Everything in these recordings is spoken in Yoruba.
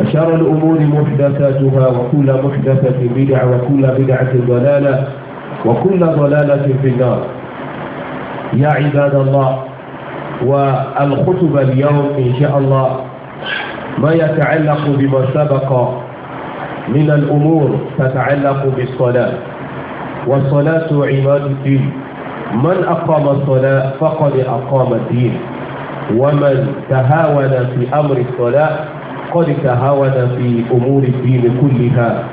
وشر الأمور محدثاتها وكل محدثة بدع وكل بدعة ضلالة وكل ضلالة في النار يا عباد الله والخطبة اليوم إن شاء الله ما يتعلق بما سبق من الأمور تتعلق بالصلاة والصلاة عماد الدين من أقام الصلاة فقد أقام الدين ومن تهاون في أمر الصلاة قد تهاون في أمور الدين كلها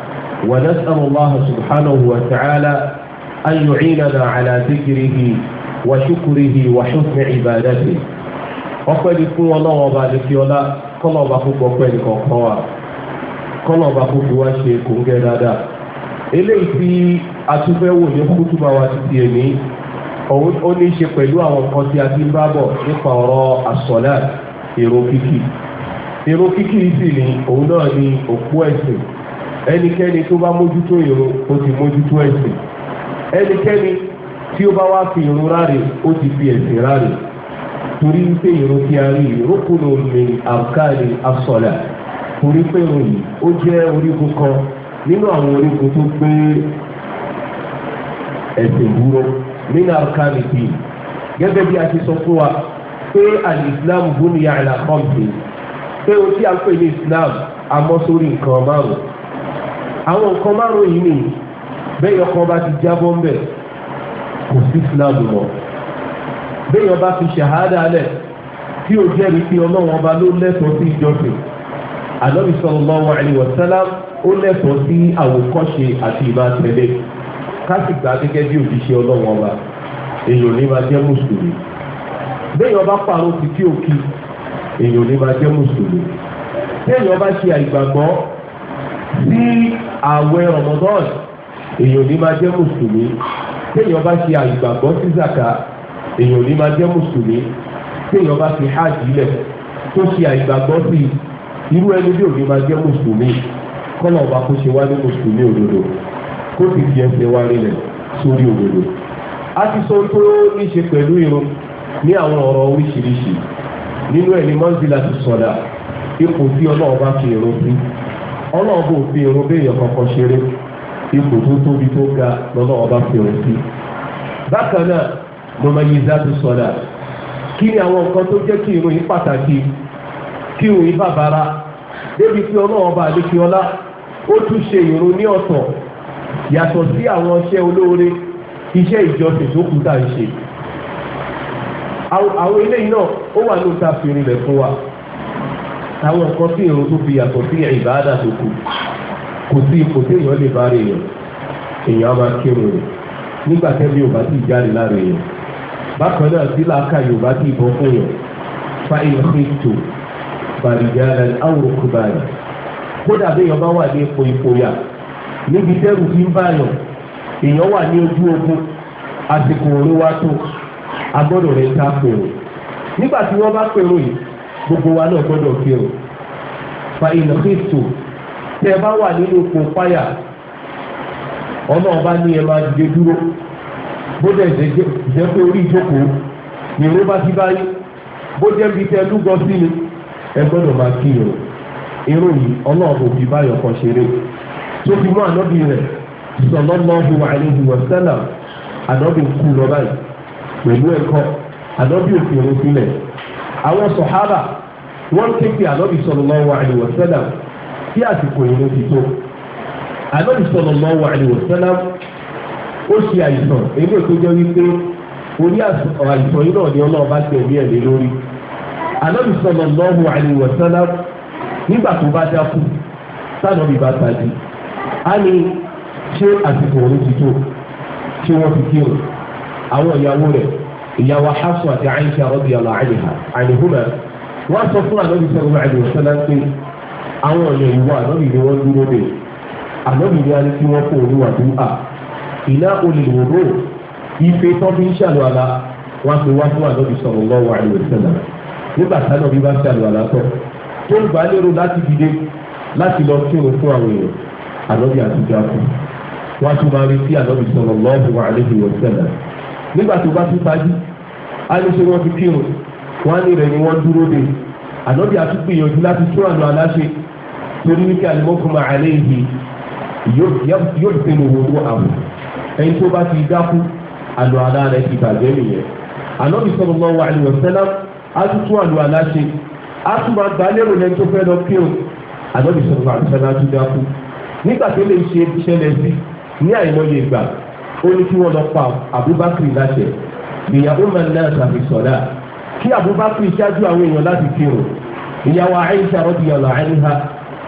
ونسأل الله سبحانه وتعالى أن يعيننا على ذكره وشكره وحسن عبادته ọpẹ́ ni fún ọlọ́run ọba àdékíọlá kọ́nà ọba púpọ̀ ọpẹ́ ní kọ̀ọ̀kan wa kọ́nà ọba púpọ̀ wá ṣe kòńgẹ́ dáadáa eléyìí tí atúfẹ́wò ní kútùbà wa ti tiẹ̀ ní ó ní í ṣe pẹ̀lú àwọn nǹkan tí a ti ń bá bọ̀ nípa ọ̀rọ̀ àsọ̀lá èrò kíkì irun kíkì sì ni òun náà ni òpó ẹ̀sìn ẹnikẹ́ni tó bá mójútó irun ó ti mójútó ẹ̀sìn ẹnikẹ́ni tí ó bá wá fi irun ráre ó ti fi ẹ̀sìn ráre torí pé irun kí a rí rúkúnù mi àkáàlì asọ̀là torí pé irun yìí ó jẹ́ orígun kan nínú àwọn orígun tó gbé ẹ̀sìn dúró nínú àkáàlì bíi gẹ́gẹ́ bí a ti sọ fún wa pé alìsílámù bóni yàrá kọ́ǹtì pé o tí a ń pè ní Islam àmọ́ sórí nǹkan márùn àwọn nǹkan márùn yìí nìyí bẹ́ẹ̀ ọkàn bá ti jábọ́ ń bẹ̀ kò sí Islam mọ́ bẹ́ẹ̀ ọba fi ṣàhádà lẹ̀ tí o jẹ́rìí pé ọlọ́run ọba ló lẹ́tọ̀ọ́ sí ìjọsìn ànábì sallallahu alaihi wasallam ó lẹ́tọ̀ọ́ sí àwòkọ́ṣe àti ìbátẹ̀lé kásìgbà gẹ́gẹ́ bí òjíṣẹ́ ọlọ́run ọba èèyàn ní ma jẹ́ mùsùlùmí bẹ́ẹ̀ ọba pààrọ̀ sí kí òkì èèyàn ò ní máa jẹ́ mùsùlùmí téèyàn bá ṣe àìgbàgbọ́ sí ààwẹ̀ Ramadan èèyàn ò ní máa jẹ́ mùsùlùmí téèyàn bá ṣe àìgbàgbọ́ sí zaka èèyàn ò ní máa jẹ́ mùsùlùmí téèyàn bá fi hajj lẹ̀ tó ṣe àìgbàgbọ́ sí irú ẹni bí ò ní máa jẹ́ mùsùlùmí kọ́nà ọba kó ṣe wá ní mùsùlùmí òdodo kó sì fi ẹsẹ̀ wá rí rẹ̀ sórí òdodo. a ti sọ pé ó ní ṣe pẹ̀lú irun ní àwọn ọ̀rọ̀ oríṣiríṣi nínú ẹ̀ ní mọ́ńsílá ti sọ̀dà ipò tí ọlọ́run bá fi èrò sí ọlọ́run bò fi èrò béèyàn kankan ṣeré ipò tó tóbi tó ga lọ́lọ́run bá fi èrò sí. bákan náà mọ̀mọ́yìíza ti sọ̀dà kí ni àwọn nǹkan tó jẹ́ kí ìròyìn pàtàkì kí ìròyìn bàbára débi pé ọlọ́run àdékè ọlá ó tún ṣe ìrun ní ọ̀tọ̀ yàtọ̀ sí àwọn iṣẹ́ olóore iṣẹ́ ìjọsìn tó kù tá à ń ṣe àwọn eléyìí náà ó wà ló ta fi rinlẹ̀ fún wa àwọn nǹkan tí èrò tó fi yàtọ̀ sí ìbáàdà tó kù kò sí ipò tí èèyàn lè bá rè yàn èèyàn á máa kírun rẹ̀ nígbà tẹ́bí ò bá ti jáde lára èèyàn bákan náà sí làákà yóò bá ti bọ́ fún yàn fa ìlúkìtò bàrìjára áwòrán kúbàrì kódà béèyàn bá wà ní ipò ìfòyà níbi tẹ́rù ti ń báyàn èèyàn wà ní ojú ogun àsìkò òru wa tó agbọ́dọ̀ rẹ̀ ta pèrò nígbà tí wọ́n bá pèrò yìí gbogbo wa náà gbọ́dọ̀ pèrò fa ìlànà kristu tẹ bá wà nínú oko fáyà ọmọ ọba ní ẹ máa dìde dúró bóde jẹ́ pé orí ìjókòó ni ìró bá ti báyìí bóde bíi tẹ lúgọ sí ni ẹ gbọ́dọ̀ máa kí irun irun yìí ọlọ́ọ̀bù fi báyọ̀ kan ṣeré tó fi mú ànábì rẹ̀ sallallahu alaihi wasallam ànábì kú lọ báyìí pẹ̀lú ẹ̀kọ́ ànábì òfin sílẹ̀ àwọn sọ̀hábà wọ́n ké pe ànábì sallallahu alaihi wasallam tí àsìkò ìrun ti tó ànábì sallallahu alaihi wasallam ó ṣe àìsàn èyí tó jẹ́ wípé orí àìsàn yìí náà ni ọlọ́ọ̀bá gbẹ̀mí ẹ̀mí lórí ànábì sallallahu alaihi wasallam nígbà tó bá dákú sànàbì bá tají á ní ṣé àsìkò ìrun ti tó ṣé wọ́n ti kírun àwọn ìyàwó rẹ̀ ìyàwó Hafsa àti Aisha radiyallahu anha àìníhùnà wọ́n sọ fún ànábì sallallahu alaihi wasallam pé àwọn ọ̀yàn ìwọ ànábì ni wọ́n dúró dé ànábì ni a ní kí wọ́n kó olúwa tó à ìná olùwòrò ife tó fi ń ṣàlùwàlà wọ́n pe wá fún ànábì sallallahu alaihi wasallam nígbà táwọn bí bá ṣàlùwàlà tán tó ń gbà lérò láti dìde láti lọ kírun fún àwọn èèyàn ànábì àtijọ́ àkùn wọ́n tún máa rí sí ànábì sallallahu alaihi wasallam nígbà tó bá fi tají a lè ṣe wọ́n fi kírun wọ́n á ní rẹ̀ ni wọ́n dúró de ànábì àti gbìyànjú láti tún àná aláṣẹ torí wípé àlùmọ́kùnmá àlẹ́ ìhì yóò fi lò wọ́n àwọn ẹni tó bá ti dákú àlọ́ àlá rẹ̀ ti bàjẹ́ nìyẹn ànábì sallallahu alaihi wasallam á tún tún àná aláṣẹ á tún máa gbà lérò lẹ́ni tó fẹ́ lọ kírun ànábì sallallahu alaihi wasallam á tún dákú nígbà tó lè ṣe ṣẹlẹ̀ sí ní àìmọye ìgbà ó ní kí wọ́n lọ pa Abubakar láṣẹ ìyàwó máa ń náà tàbí sọ̀dá kí Abubakar ṣáájú àwọn èèyàn láti kírun ìyàwó Aisha radiyallahu anha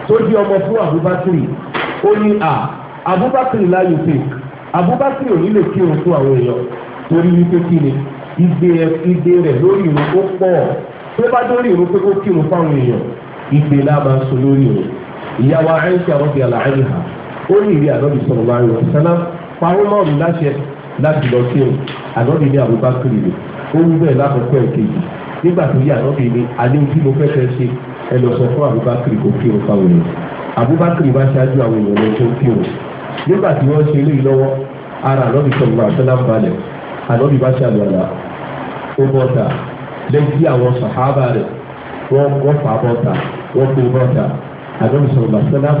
tó di ọmọ fún Abubakar ó ní à Abubakar láyò pé Abubakar ò nílò kírun fún àwọn èèyàn torí wípé kí ni ìgbé rẹ̀ lórí ìrun ó pọ̀ tó bá lórí ìrun pé kó kírun fáwọn èèyàn ìgbé náà máa ń sọ lórí ìrun ìyàwó Aisha radiyallahu anha ó ní ìrìn àlọ́bì sallallahu alaihi wasallam pa Umaru láṣẹ láti lọ sí òun ànábì ní Abubakar ni ó wú bẹ́ẹ̀ lákòókò ẹ̀kejì nígbà tó yẹ ànábì ní alẹ́ ojú mo fẹ́ fẹ́ ṣe ẹ lọ sọ fún Abubakar kò kí òun fáwọn èèyàn Abubakar bá ṣáájú àwọn èèyàn lọ tó kí òun nígbà tí wọ́n ṣe eléyìí lọ́wọ́ ara ànábì sọ̀rọ̀ àtọ́lá ń balẹ̀ ànábì bá ṣàlùwàlà ó bọ́ta lẹ́yìn àwọn sàhábà rẹ̀ wọ́n wọ́n fà bọ́ta wọ́n kó bọ́ta ànábì sọ̀rọ̀ àtọ́lá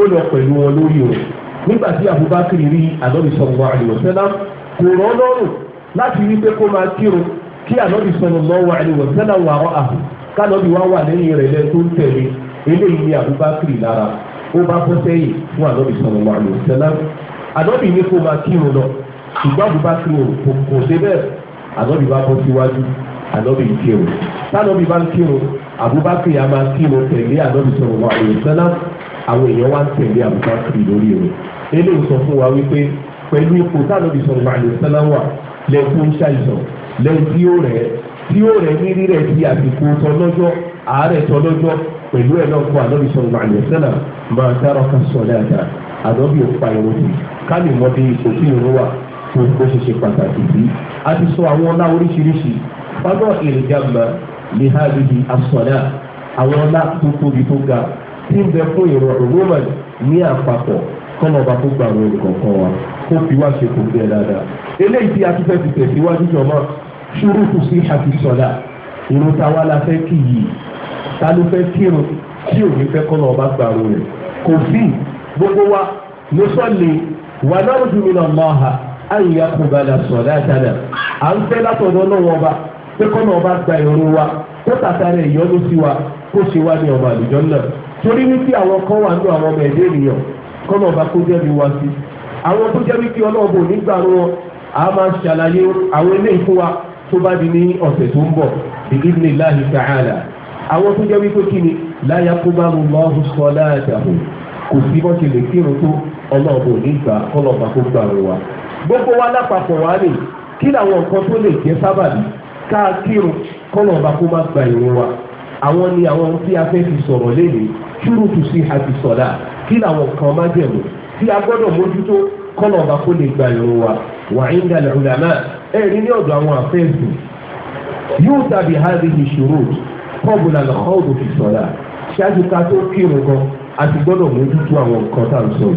ó lọ pẹ̀lú wọn lórí òun nígbà tí Abubakar rí Ànábì sallallahu alaihi wasallam kò rán lọ́rùn láti rí pé kó máa kírun kí Ànábì sallallahu alaihi wasallam wà ọ́ àhùn kánọ́bì wá wà lẹ́yìn rẹ̀ lẹ́ tó ń tẹ̀lé eléyìí ni Abubakar lára ó bá bọ́ sẹ́yìn fún Ànábì sallallahu alaihi wasallam Ànábì ní kó máa kírun lọ ṣùgbọ́n Abubakar kò dé bẹ́ẹ̀ Ànábì bá bọ́ síwájú Ànábì ń kírun tánọ́bì bá ń kírun Abubakar yà máa kírun tẹ̀lé Ànábì sallallahu alaihi àwọn èèyàn wá ń tẹ̀lé àbúkà kiri o rẹ̀ eléyìí sọ fún wa wípé pẹ̀lú ipò tánàbí sọ̀rọ̀ àlè sẹ́láwà lẹ́kún ṣàìsàn lẹ́yìn tí ó rẹ̀ tí ó rẹ̀ ní rírẹ̀ ti àsìkò tọ́lọ́jọ́ àárẹ̀ tọ́lọ́jọ́ pẹ̀lú ẹ̀ náà fún ànábì sọ̀rọ̀ àlè sẹ́là máa dára ká sọ dáadáa ànábì ò pa irun sí ká lè mọ bí ipò tí irun wà fún bó ṣe ṣe pàtàkì sí a ti sọ àwọn ọlá oríṣiríṣi fábọ̀ ìrìngàmà ní hábìbì asọ̀dá àwọn ọlá tó tóbi tó ga tí ń bẹ fún ìrọ̀rùn woman ní àpapọ̀ kọ́nà ọba tó gba àwọn ẹnìkọ̀ọ̀kan wa kó fi wá ṣe kò gbẹ dáadáa. eléyìí tí a tún fẹ́ ti tẹ̀síwájú jọmọ́ ṣúrùkù sí àti sọ̀dà irun táwa la fẹ́ kì yìí ta ló fẹ́ kírun tí ò fẹ́ kọ́nà ọba gba àwọn rẹ̀ kò sí gbogbo wa ló sọ lè wà náà dùnmí náà máa hà àyè àkùnbalà sọ̀dà àtàlà à ń fẹ́ látọ̀dọ̀ náà wọn bá pé kọ́nà ọba gba ìrun wa kó tàtàrà ìyọ́nú torí wípé àwọn kan wà ní àwọn ọmọ ẹ̀dẹ́ ènìyàn kọ́nà ọba kó jẹ́ mi wá sí àwọn tó jẹ́ wípé ọlọ́ọ̀bù nígbà wọn a máa ṣàlàyé àwọn ilé ìfún wa tó bá di ní ọ̀sẹ̀ tó ń bọ̀ ìdílé láhi ta'ala àwọn tó jẹ́ wípé kí ni láyà kó bá mu máa ń sọ láàdàbò kò sí bọ́ ti lè kírun tó ọlọ́ọ̀bù nígbà kọ́nà ọba kó gbà wọn gbogbo wa lápapọ̀ wá lè kí làwọn nǹkan tó lè jẹ́ sábàbí káà kírun kọ́nà ọba kó má gba ìrún wa àwọn ni àwọn tí a fẹ́ fi sọ̀rọ̀ lẹ́nu ṣúrùtù sí àti sọ̀dá kí làwọn kan má jẹ̀mú tí a gbọ́dọ̀ mójútó kọ́nà ọba kó lè gba ìrun wa wà ń dalẹ̀ ọ̀làmà ẹ̀rí ní ọ̀dọ̀ àwọn àfẹ́ẹ̀sì yóò tàbí hadhihi shurut qabla al-khawd fi sọ̀dá ṣáájú ká tó kírun gan a ti gbọ́dọ̀ mójútó àwọn nǹkan tá à ń sọ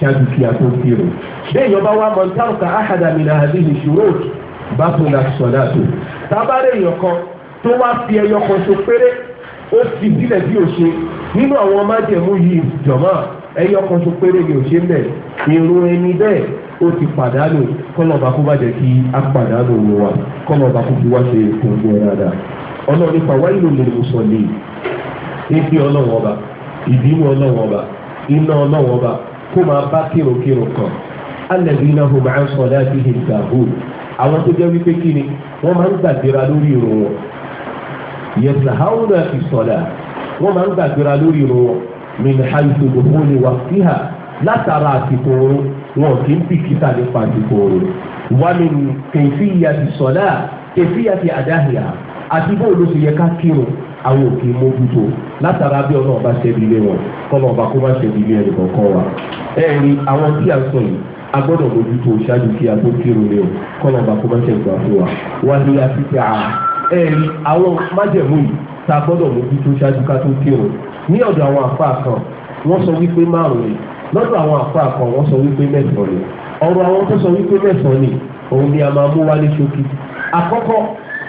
yìí kí a tó kírun bẹ́ẹ̀ yọba wa mọ̀ntàǹkà ahada min hadhihi shurut bá tó la tó tábàrẹ̀ yọkan tó wá fi ẹyọ kan ṣo péré ó fi sílẹ̀ bí ò ṣe nínú àwọn májẹ̀mú yìí jọ̀mọ́ ẹyọ kan ṣo péré ni ò ṣe mẹ́ irun ẹni bẹ́ẹ̀ ó ti pàdánù kọ́lọ́ọ̀bá kó bá jẹ́ kí á pàdánù òun wa kọ́lọ́ọ̀bá kó fi wá ṣe kòńgó dáadáa ọlọ́run nípa wáyé ló lè mú sọ léyìí ebi ọlọ́run ọba ìbínú ọlọ́run ọba iná ọlọ́run ọba kó máa bá kírokírò kan alẹ́bí iná hó máa ń sọ láti hìgbà hó àwọn tó jẹ́ wípé kí ni wọ́n máa ń gbàdúrà lórí ìrò wọn yẹtàhánà ìsọ̀lá wọ́n máa ń gbàgbéra lórí irun wọn mìnìhàìsì òfòlì wà síhà látara àsìkò oorun wọn kì í bìkítà nípa àsìkò oorun wàmí kẹfìyà ìsọ̀lá kẹfìyà ti àdáhìá àti bó ló ṣe yẹ ká kírun àwọn òkè mójútó látara bí ọ̀nà ọba ṣẹbi ilé wọn kọ́nà ọba kó má ṣẹbi ilé ẹnì kọ̀ọ̀kan wa ẹ̀rí àwọn tí a sọ yìí a gbọ́dọ̀ mójútó ṣáájú kí a tó kírun lé o kọ́nà ọba kó má ṣẹbi wà fún wa wà ní àfihàn ẹ̀rí àwọn májẹ̀mú yìí tá a gbọ́dọ̀ mójú tó ṣáájú ká tó kí o ní ọ̀dọ̀ àwọn àfa kan wọ́n sọ wípé márùn ni lọ́dọ̀ àwọn àfa kan wọ́n sọ wípé mẹ́sàn ni ọ̀rọ̀ àwọn tó sọ wípé mẹ́sàn ni òun ni a máa mú wálé ṣókí àkọ́kọ́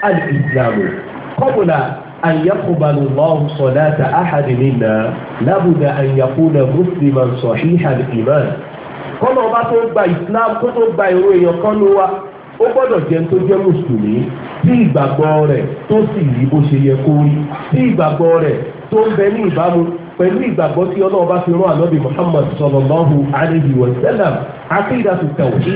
alìsìlámù kọ́bùlà أن يقبل الله صلاة أحد منا لابد أن يكون مسلما صحيح الإيمان kọ́nà ọba tó gba islam ó gbọ́dọ̀ jẹ́ tó jẹ́ mùsùlùmí tí ìgbàgbọ́ rẹ̀ tó sì rí bó ṣe yẹ kó rí tí ìgbàgbọ́ rẹ̀ tó ń bẹ ní ìbámu pẹ̀lú ìgbàgbọ́ tí Ọlọ́run bá fi rán ànábì Muhammad sallallahu alayhi wa sallam akíndàtú tẹ̀wọ̀dì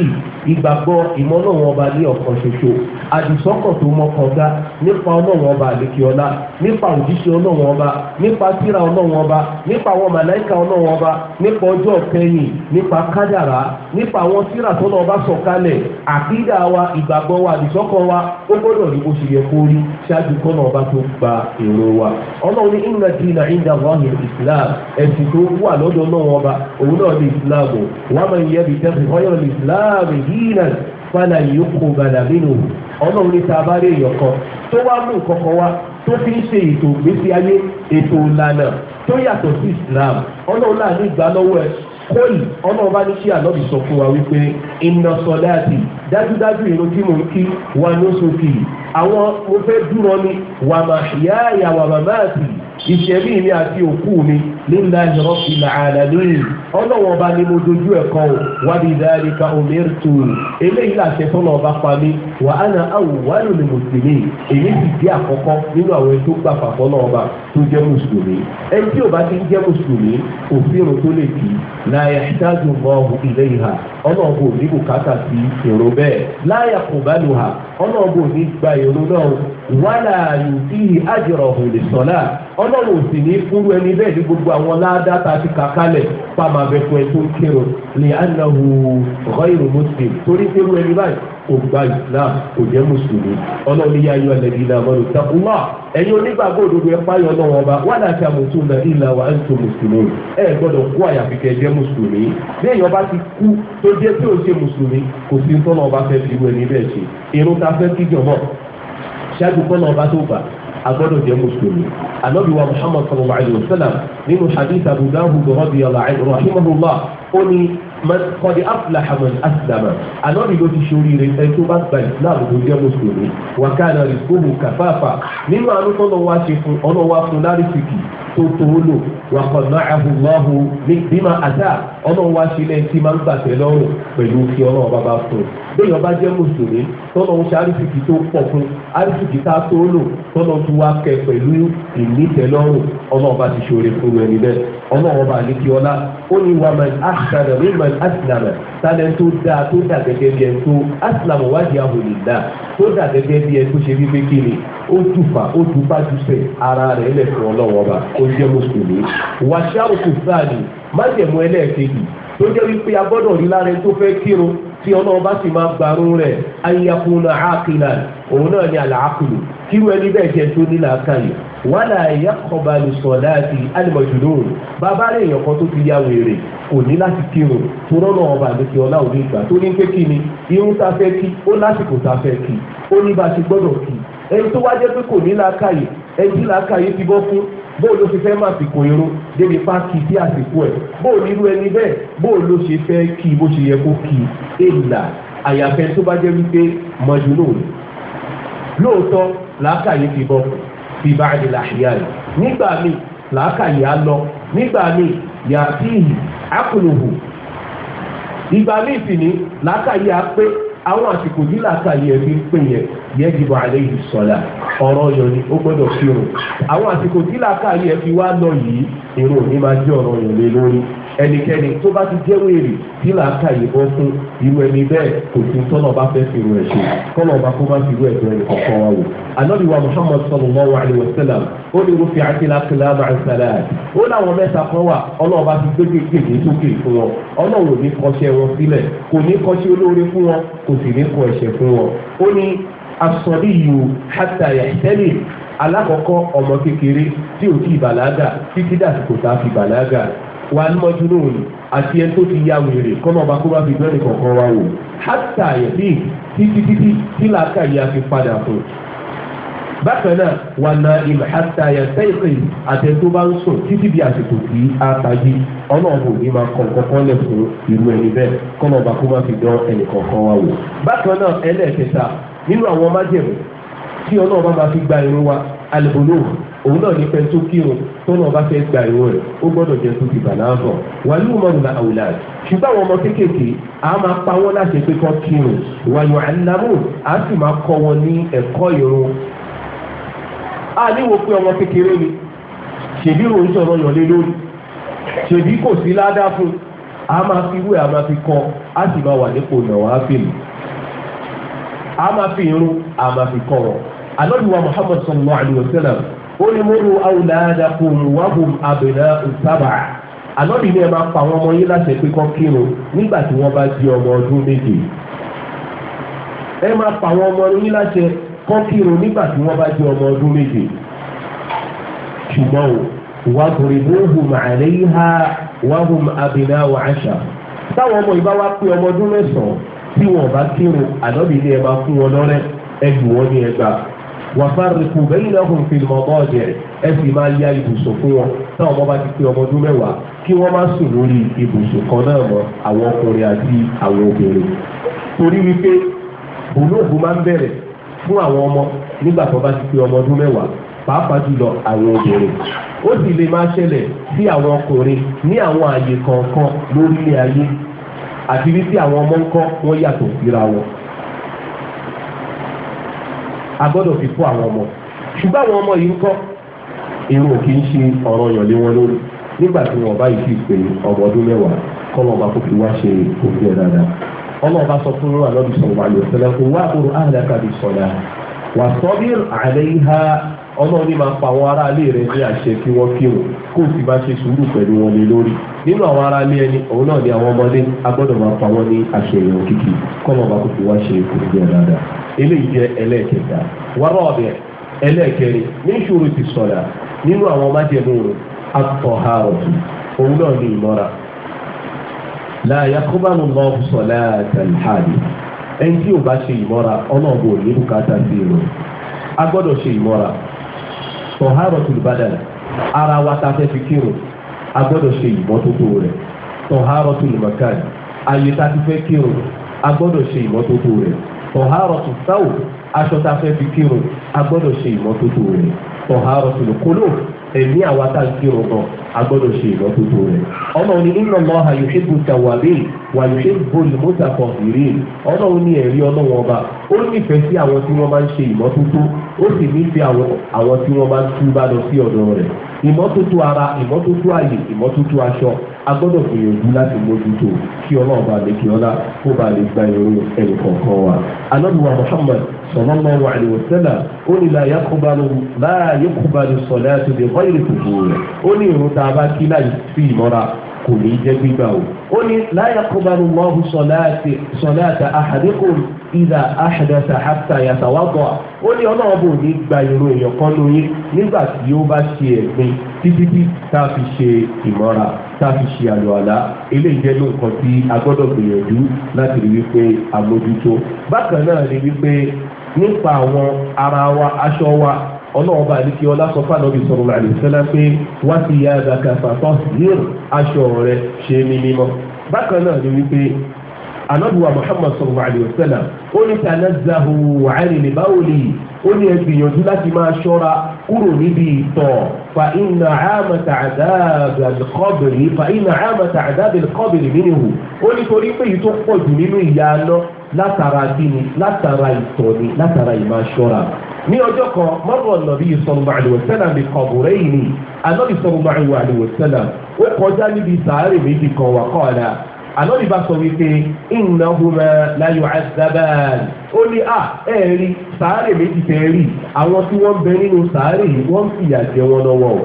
ìgbàgbọ́ ìmọ̀ ọlọ́run ọba ní ọ̀kan ṣoṣo àdìsọ́kàn tó mọ́kànga nípa ọlọ́run ọba àlekíọ́lá nípa òjíṣẹ́ ọlọ́run ọba nípa tírà ọlọ́run ọba nípa àwọn màláìka ọlọ́run ọba nípa ọjọ́ kẹyìn nípa kádàrá nípa àwọn tírà tọ́lọ́ ọba sọ̀kalẹ̀ àkídà wa ìgbàgbọ́ wa àdìsọ́kàn wa ó gbọ́dọ̀ ní bó ṣe yẹ kó rí ṣáájú kọ́nà ọba tó wa ọlọ́run islam ẹ̀sìn tó wà lọ́dọ̀ ọlọ́run ọba òun yẹ̀btẹ̀gì ọ̀yọ́ ìsìláàmù yìnyín fàlà yòókù bàdàmínú ọlọ́run ní ta bá rí èèyàn kan tó wá mú nǹkan kan wá tó fi ń ṣe ètò ìgbésí ayé ètò ìlànà tó yàtọ̀ sí islam ọlọ́run náà ní ìgbà lọ́wọ́ ẹ kóyì ọlọ́run bá ní kí ànábì sọ fún wa wípé inna salati dájúdájú ìrun tí mo ń kí wa nusuki àwọn mo fẹ́ dúró ni wa mahyaya wa mamati ìṣẹ̀mí mi àti òkú mi nílá ìrọ́ ìlà àlàlóyìn ọlọ́wọ́ ọba ni mo dojú ẹ̀ kọ́ wà ní ìdáríkà omirtu eléyìí làṣẹ tọ́nà ọba pa mí wà á na awùwárò ni mùsùlùmí èyí sì dé àkọ́kọ́ nínú àwọn ẹni gbà pàpọ̀ náà ọba tó jẹ́ mùsùlùmí ẹni tí ọba ti ń jẹ́ mùsùlùmí òfin irun tó lè kí láyà ṣáàjú mọ́ọ̀hún ilé ìhà ọlọ́ọ̀bù ní bùkátà sí èrò bẹ́ẹ̀ láyà kò bá lù hà ọlọ́ọ̀bù ní gba èrò náà wàlà yìí àjọrọ̀ òhùn lè sọ́lá ọlọ́run ò sì ní fúru ẹni bẹ́ẹ̀ ní gbogbo àwọn ládàtà ti kàkálẹ̀ fáma bẹ fún ẹ tó ń kírun lè anahu ghayru muslim torí pé ẹni báyìí kò gba islam kò jẹ́ mùsùlùmí ọlọ́run yá ayọ́ ẹlẹ́bí náà mọ́nu takùnmá ẹ̀yin onígbàgbọ́ òdodo ẹ páyọ̀ náà wọn bá wàdà tí a mọ̀ tó na ìlà wa ń tó mùsùlùmí ẹ gbọ́dọ̀ kú àyàfi kẹ́ jẹ́ mùsùlùmí bí èèyàn bá ti kú tó jẹ́ pé ó ṣe mùsùlùmí kò sí tọ́nà ọba fẹ́ fi irú ẹni bẹ́ẹ̀ ṣe irun ta fẹ́ kíjọ mọ́ ṣáájú tọ́nà ọba tó gbà agbọ́dọ̀ jẹ́ mùsùlùmí anabi wa muhammad sallallahu alayhi wa sallam nínú hadith abu dawud radiyallahu anhu rahimahullah ó ní kọ́dí aflaha man aslama anabi ló ti ṣorí rẹ̀ ẹ tó bá gba islam tó jẹ́ mùsùlùmí wà kánà rí gbóhùn kàfáfà nínú àánú tọ́lọ́ wá ṣe fún ọlọ́wà fún lárísìkì tó tó lò wà kọ̀ náà àhùn lọ́hùn ní bímọ àdáà ọlọ́run wa sí ilé tí máa ń gbàtẹ lọ́rùn pẹ̀lú kí ọlọ́run bá bá fún un bẹ́ẹ̀ ọba jẹ́ mùsùlùmí tọ́lọ́run ṣe àrísìkì tó pọ̀ fún àrísìkì tá a tó lò tọ́lọ́run tó wá kẹ pẹ̀lú ìnítẹ̀lọ́rùn ọlọ́run bá ti ṣoore fún ẹni bẹ́ẹ̀ ọlọ́run bá àlékí ọlá ó ní wà máa àṣàlẹ̀ rí máa àṣìlámẹ̀ sálẹ̀ tó dáa tó dà gẹ́gẹ́ bí ẹni tó àṣìlámẹ̀ wájú àbòlè dá tó dà gẹ́gẹ́ bí ẹni tó ṣe wípé kí ó dùfà ó dùfà jùṣẹ̀ ara rẹ̀ lẹ̀ fún ọlọ́run ó jẹ́ mùsùlùmí wàṣà òkú sáà májẹ̀mú ẹlẹ́ẹ̀kejì tó jẹ́ wípé a gbọ́dọ̀ rí lára ẹni tó fẹ́ kírun tí ọlọ́run bá sì máa gbarún rẹ̀ ayakuna akila òun náà ni àlàákùlù kírun ẹni bẹ́ẹ̀ jẹ́ tó ní làákàyè wàhálà ẹ̀yà lùsọ̀lá àti alimọ̀jùlóòrùn bàbá rẹ̀ èèyàn kan tó ti ya wèrè kò ní láti kírun tó rọ́nà ọba àdókè ọlá òní ìgbà tó ní pé kí ni irun ta fẹ́ kí ó lásìkò ta fẹ́ kí ó ní bá a ti gbọ́dọ̀ kí ẹni tó wá jẹ́ pé kò ní làákàyè ẹni tí làákàyè ti bọ́ fún bóò ló ṣe fẹ́ máa fi kò irun débi páàkì sí àsìkò ẹ̀ bóò nírú ẹni bẹ́ẹ̀ bóò ló ṣe fẹ́ kí bó ṣe yẹ kó kí èlà àyàfẹ́ tó bá jẹ́ wípé mọ̀júnù lóòótọ́ làákàyè ti bọ́ fi bá àdé làṣìyà rẹ̀ nígbà míì làákàyè á lọ nígbà míì yàtí àkùnùhù ìgbà míì sì ní làákàyè á pé àwọn àsìkò yìí làákà yẹ fi ń pè yẹ yẹ jìbọn alẹ́ yìí sọ̀la ọ̀rọ̀ yọ ni ó gbọ́dọ̀ fi rò àwọn àsìkò yìí làákà yẹ fi wá lọ yìí èrò ní máa jẹ́ ọ̀rọ̀ yọ̀ lé lórí ẹnikẹ́ni tó bá ti jẹ́ wèrè tí là ń kà yìí bọ́ fún irú ẹni bẹ́ẹ̀ kò sí tọ́nà bá fẹ́ fi rẹ̀ ṣe kọ́nà ọba kó má fi rú ẹ̀dùn ẹni kọ̀ọ̀kan wa wò. ànábì wa muhammad sallallahu alayhi wa sallam ó ní irúfẹ́ akíla kíla máa ń sálẹ̀ àti ó láwọn mẹ́ta kan wà ọlọ́ọ̀ba ti gbégbé gègé sókè fún wọn ọlọ́run ò ní kọ́ṣẹ́ wọn sílẹ̀ kò wà lọ́jú lóhùn àti ẹni tó ti ya wèrè kọ́nà ọba kó bá fi gbẹ́ni kọ̀ọ̀kan wa wò hátà yẹ̀bí títí títí tí làákà yìí a fi padà fún un. bákan náà wà na ìmọ̀ hátà yẹ̀ sẹ́yìn àti ẹni tó bá ń sùn títí bí àsìkò tí a tají ọ̀nà ọ̀bùn ní máa kọ̀ kọ́kọ́ lẹ̀ fún irú ẹni bẹ́ẹ̀ kọ́nà ọba kó bá fi gbẹ́ ẹni kọ̀ọ̀kan wa wò. bákan náà ẹlẹ́ẹ̀kẹta nínú àwọn májèmú tí ọlọ́ọ̀bá máa fi gba irun wa alùpùpù òun náà ní pẹ́ tọ́nà bá fẹ́ gba ìwọ rẹ̀ ó gbọ́dọ̀ jẹ́ tó ti bàlá hàn wà ní ọmọ ìlà àwùlà ṣùgbọ́n àwọn ọmọ kéékèèké a máa pa wọ́n láṣẹ pé kọ́ kírun wà ní àlámù a sì máa kọ́ wọn ní ẹ̀kọ́ ìrun. a níwò pé ọmọ kékeré ni ṣèbí ròun sọ̀rọ̀ yàn lé lórí ṣèbí kò sí ládàá fún a máa fi wé a máa fi kọ́ a sì máa wà nípò ìnáwó àfẹ́lẹ̀ a máa fi irun a máa fi kọ́ wọn. alọ́ ó ní mú awùdáàdàkùn wàhùn àbẹ̀dá ìsábà ànábì ní ẹ máa pa àwọn ọmọ yín láṣẹ pé kọ́ kírun nígbà tí wọ́n bá di ọmọ ọdún méje ẹ máa pa àwọn ọmọ yín láṣẹ kọ́ kírun nígbà tí wọ́n bá di ọmọ ọdún méje ṣùgbọ́n wàhùrìbóhùn àlẹ́yìnhá wàhùn àbẹ̀dá wàhásà táwọn ọmọ ìbá wa pé ọmọ ọdún mẹ́sàn-án tí wọ́n bá kírun ànábì ní ẹ máa fún wọn lọ́rẹ́ ẹ wàfárikù bainahum fil madaji' ẹ sì máa ya ibùsùn fún wọn táwọn ọmọ bá ti pé ọmọ ọdún mẹ́wàá kí wọ́n má sùn lórí ibùsùn kan náà mọ́ àwọn ọkùnrin àti àwọn obìnrin torí wípé bùlóògùn máa ń bẹ̀rẹ̀ fún àwọn ọmọ nígbà tó bá ti pé ọmọ ọdún mẹ́wàá pàápàá jùlọ àwọn obìnrin ó sì lè máa ṣẹlẹ̀ sí àwọn ọkùnrin ní àwọn àyè kọ̀ọ̀kan lórílẹ̀ ayé àti wípé àwọn ọmọ ńkọ́ wọ́n yàtọ̀ síra wọn a gbọ́dọ̀ fi kó àwọn ọmọ ṣùgbọ́n àwọn ọmọ yìí ń kọ́ irun ò kì í ṣe ọ̀rọ̀ yàn lé wọn lórí nígbà tí wọn bá yìí pè ọmọ ọdún mẹ́wàá kọ́mọ ọba kò fi wá ṣe òfin ẹ̀ dáadáa ọlọ́ọ̀bá sọ fún àlọ́bìsọ̀rọ̀ àlọ́sẹ̀lẹ̀ kò wá òru àdàkàbìsọ̀dà wà sọ́bìr àlẹ́ ọlọ́run ní máa pa àwọn aráalé rẹ̀ ní àṣẹ kí wọ́n kírun kó o sì bá ṣe sùúrù pẹ̀lú wọn lé lórí nínú àwọn aráalé ẹni òun náà ni àwọn ọmọdé a ma máa pa wọ́n ní àṣẹ ìyẹn òkìkí kọ́mọ bá fi wá ṣe dáadáa eléyìí jẹ́ ẹlẹ́ẹ̀kẹta ẹlẹ́ẹ̀kẹrin ní ìṣòro ti sọ̀dà nínú àwọn májẹ̀mú tọ̀hárọ̀tù ìbàdàn ara wa ta fẹ́ fi kírun a gbọ́dọ̀ ṣe ìmọ́tótó rẹ̀ tọ̀hárọ̀tù ìmọ̀kàn àyè ta ti fẹ́ kírun a gbọ́dọ̀ ṣe ìmọ́tótó rẹ̀ tọ̀hárọ̀tù sáwò aṣọ ta fẹ́ fi kírun a gbọ́dọ̀ ṣe ìmọ́tótó rẹ̀ tọ̀hárọ̀tù kóló ẹ̀mí àwa tá a kírun gan a gbọ́dọ̀ ṣe ìmọ́tótó rẹ̀ ọ̀nà òní inna Allaha yuhibbu tawwabin wa yuhibbu al-mutatahhirin ọ̀nà òní ẹ̀rí ọlọ́wọ́n ọba ó nífẹ̀ẹ́ sí àwọn tí wọ́n máa ń ṣe ìmọ́tótó ó sì nífẹ̀ẹ́ àwọn àwọn tí wọ́n bá ń túbá lọ sí ọ̀dọ̀ rẹ̀ ìmọ́tótó ara ìmọ́tótó ààyè ìmọ́tótó aṣọ a gbọ́dọ̀ gbìyànjú láti mójútó kí ọlọ́run bá lè kí ọlá kó bá lè gba ìròyìn ẹnì kọ̀ọ̀kan wa. anábìwá muhammad sallallahu alaihi wa sallam ó ní la yaqbalu la yaqbalu salatu bi ghayri qubur rẹ̀ ó ní ìrún tá a bá kí láì sí ìmọ́ra kò ní jẹ́ gbígbà o. ó ní láyà kọ́bárù mọ́hù sọ̀láàtà àhàdékò ìdá àhàdàtà àtà yàtàwàbọ̀. ó ní ọlọ́ọ̀bù ní gba irun èèyàn kan lóyún nígbà tí ó bá ṣe ẹ̀gbin títí tí tá a fi ṣe ìmọ́ra tá a fi ṣe àlùwàlá eléyìí jẹ́ ló nǹkan tí a gbọ́dọ̀ gbìyànjú láti rí wípé a mójútó. bákan náà ni wípé nípa àwọn ara wa aṣọ wa ọlọ́run bá àdìkí ọlá sọ fún ànábì sọ̀rọ̀ àlè sẹ́lá pé wá sí ìyá àdàkà fàtọ́ yíò aṣọ rẹ̀ ṣe ní mímọ́. bákan náà ni wípé ànábì wa muhammad sọ̀rọ̀ àlè sẹ́lá ó ní ká nàzahu wàhálì ní báwo lè ó ní ẹ gbìyànjú láti máa ṣọ́ra kúrò níbi ìtọ̀ fa iná àmàtà àdáàbẹ̀lẹ́kọ́bìrì fa iná àmàtà àdáàbẹ̀lẹ́kọ́bìrì nínú ó nítorí pé èyí tó pọ̀ jù nínú ìyá náà látara kíni látara ìtọ̀ ni látara ìmáṣọ́ra ní ọjọ́ kan mọ́rọ̀ nàbí sallallahu alaihi wasallam bí kọ̀bùrẹ́ yìí ni anábì sallallahu alaihi wasallam ó kọjá níbi sàárè méjì kan wà kọ́ọ̀dà anábì bá sọ wípé innahuma la yu'azzabani ó ní à ẹ rí sàárè méjì tẹ rí àwọn tí wọ́n bẹ nínú sàárè yìí wọ́n fìyà jẹ wọn lọ́wọ́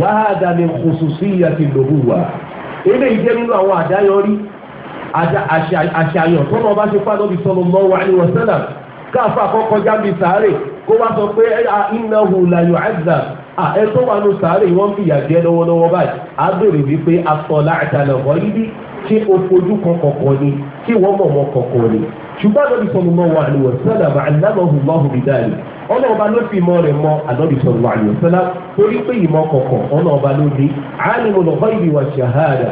wa hadha min khususiyyati eléyìí jẹ́ nínú àwọn àdáyọrí káfà kọ́kọ́ jáde sáré kó wá sọ pé ináhu làyò àìsà ẹ tó wà nù sáré wọ́n fi ìyàjẹ́ lọ́wọ́lọ́wọ́ báyìí á béèrè wípé asọ̀lá àtàlẹ̀ wọ́n yí bí ṣé o fojú kan kọ̀ọ̀kan ni kí wọ́n mọ̀ mọ́ kọ̀ọ̀kan ni ṣùgbọ́n ànábì sọ̀rọ̀ mọ́ wa àlùwọ̀ sẹ́lá bá àlámọ̀hùn mọ́hùn mi dáàlì ọlọ́ọ̀ba ló fi ìmọ̀ rẹ̀ mọ ànábì sọ̀rọ̀ wa àlùwọ̀ sẹ́lá torí pé ìmọ̀ kọ̀ọ̀kan ọlọ́ọ̀ba ló dé alimul ghaibi wa shahada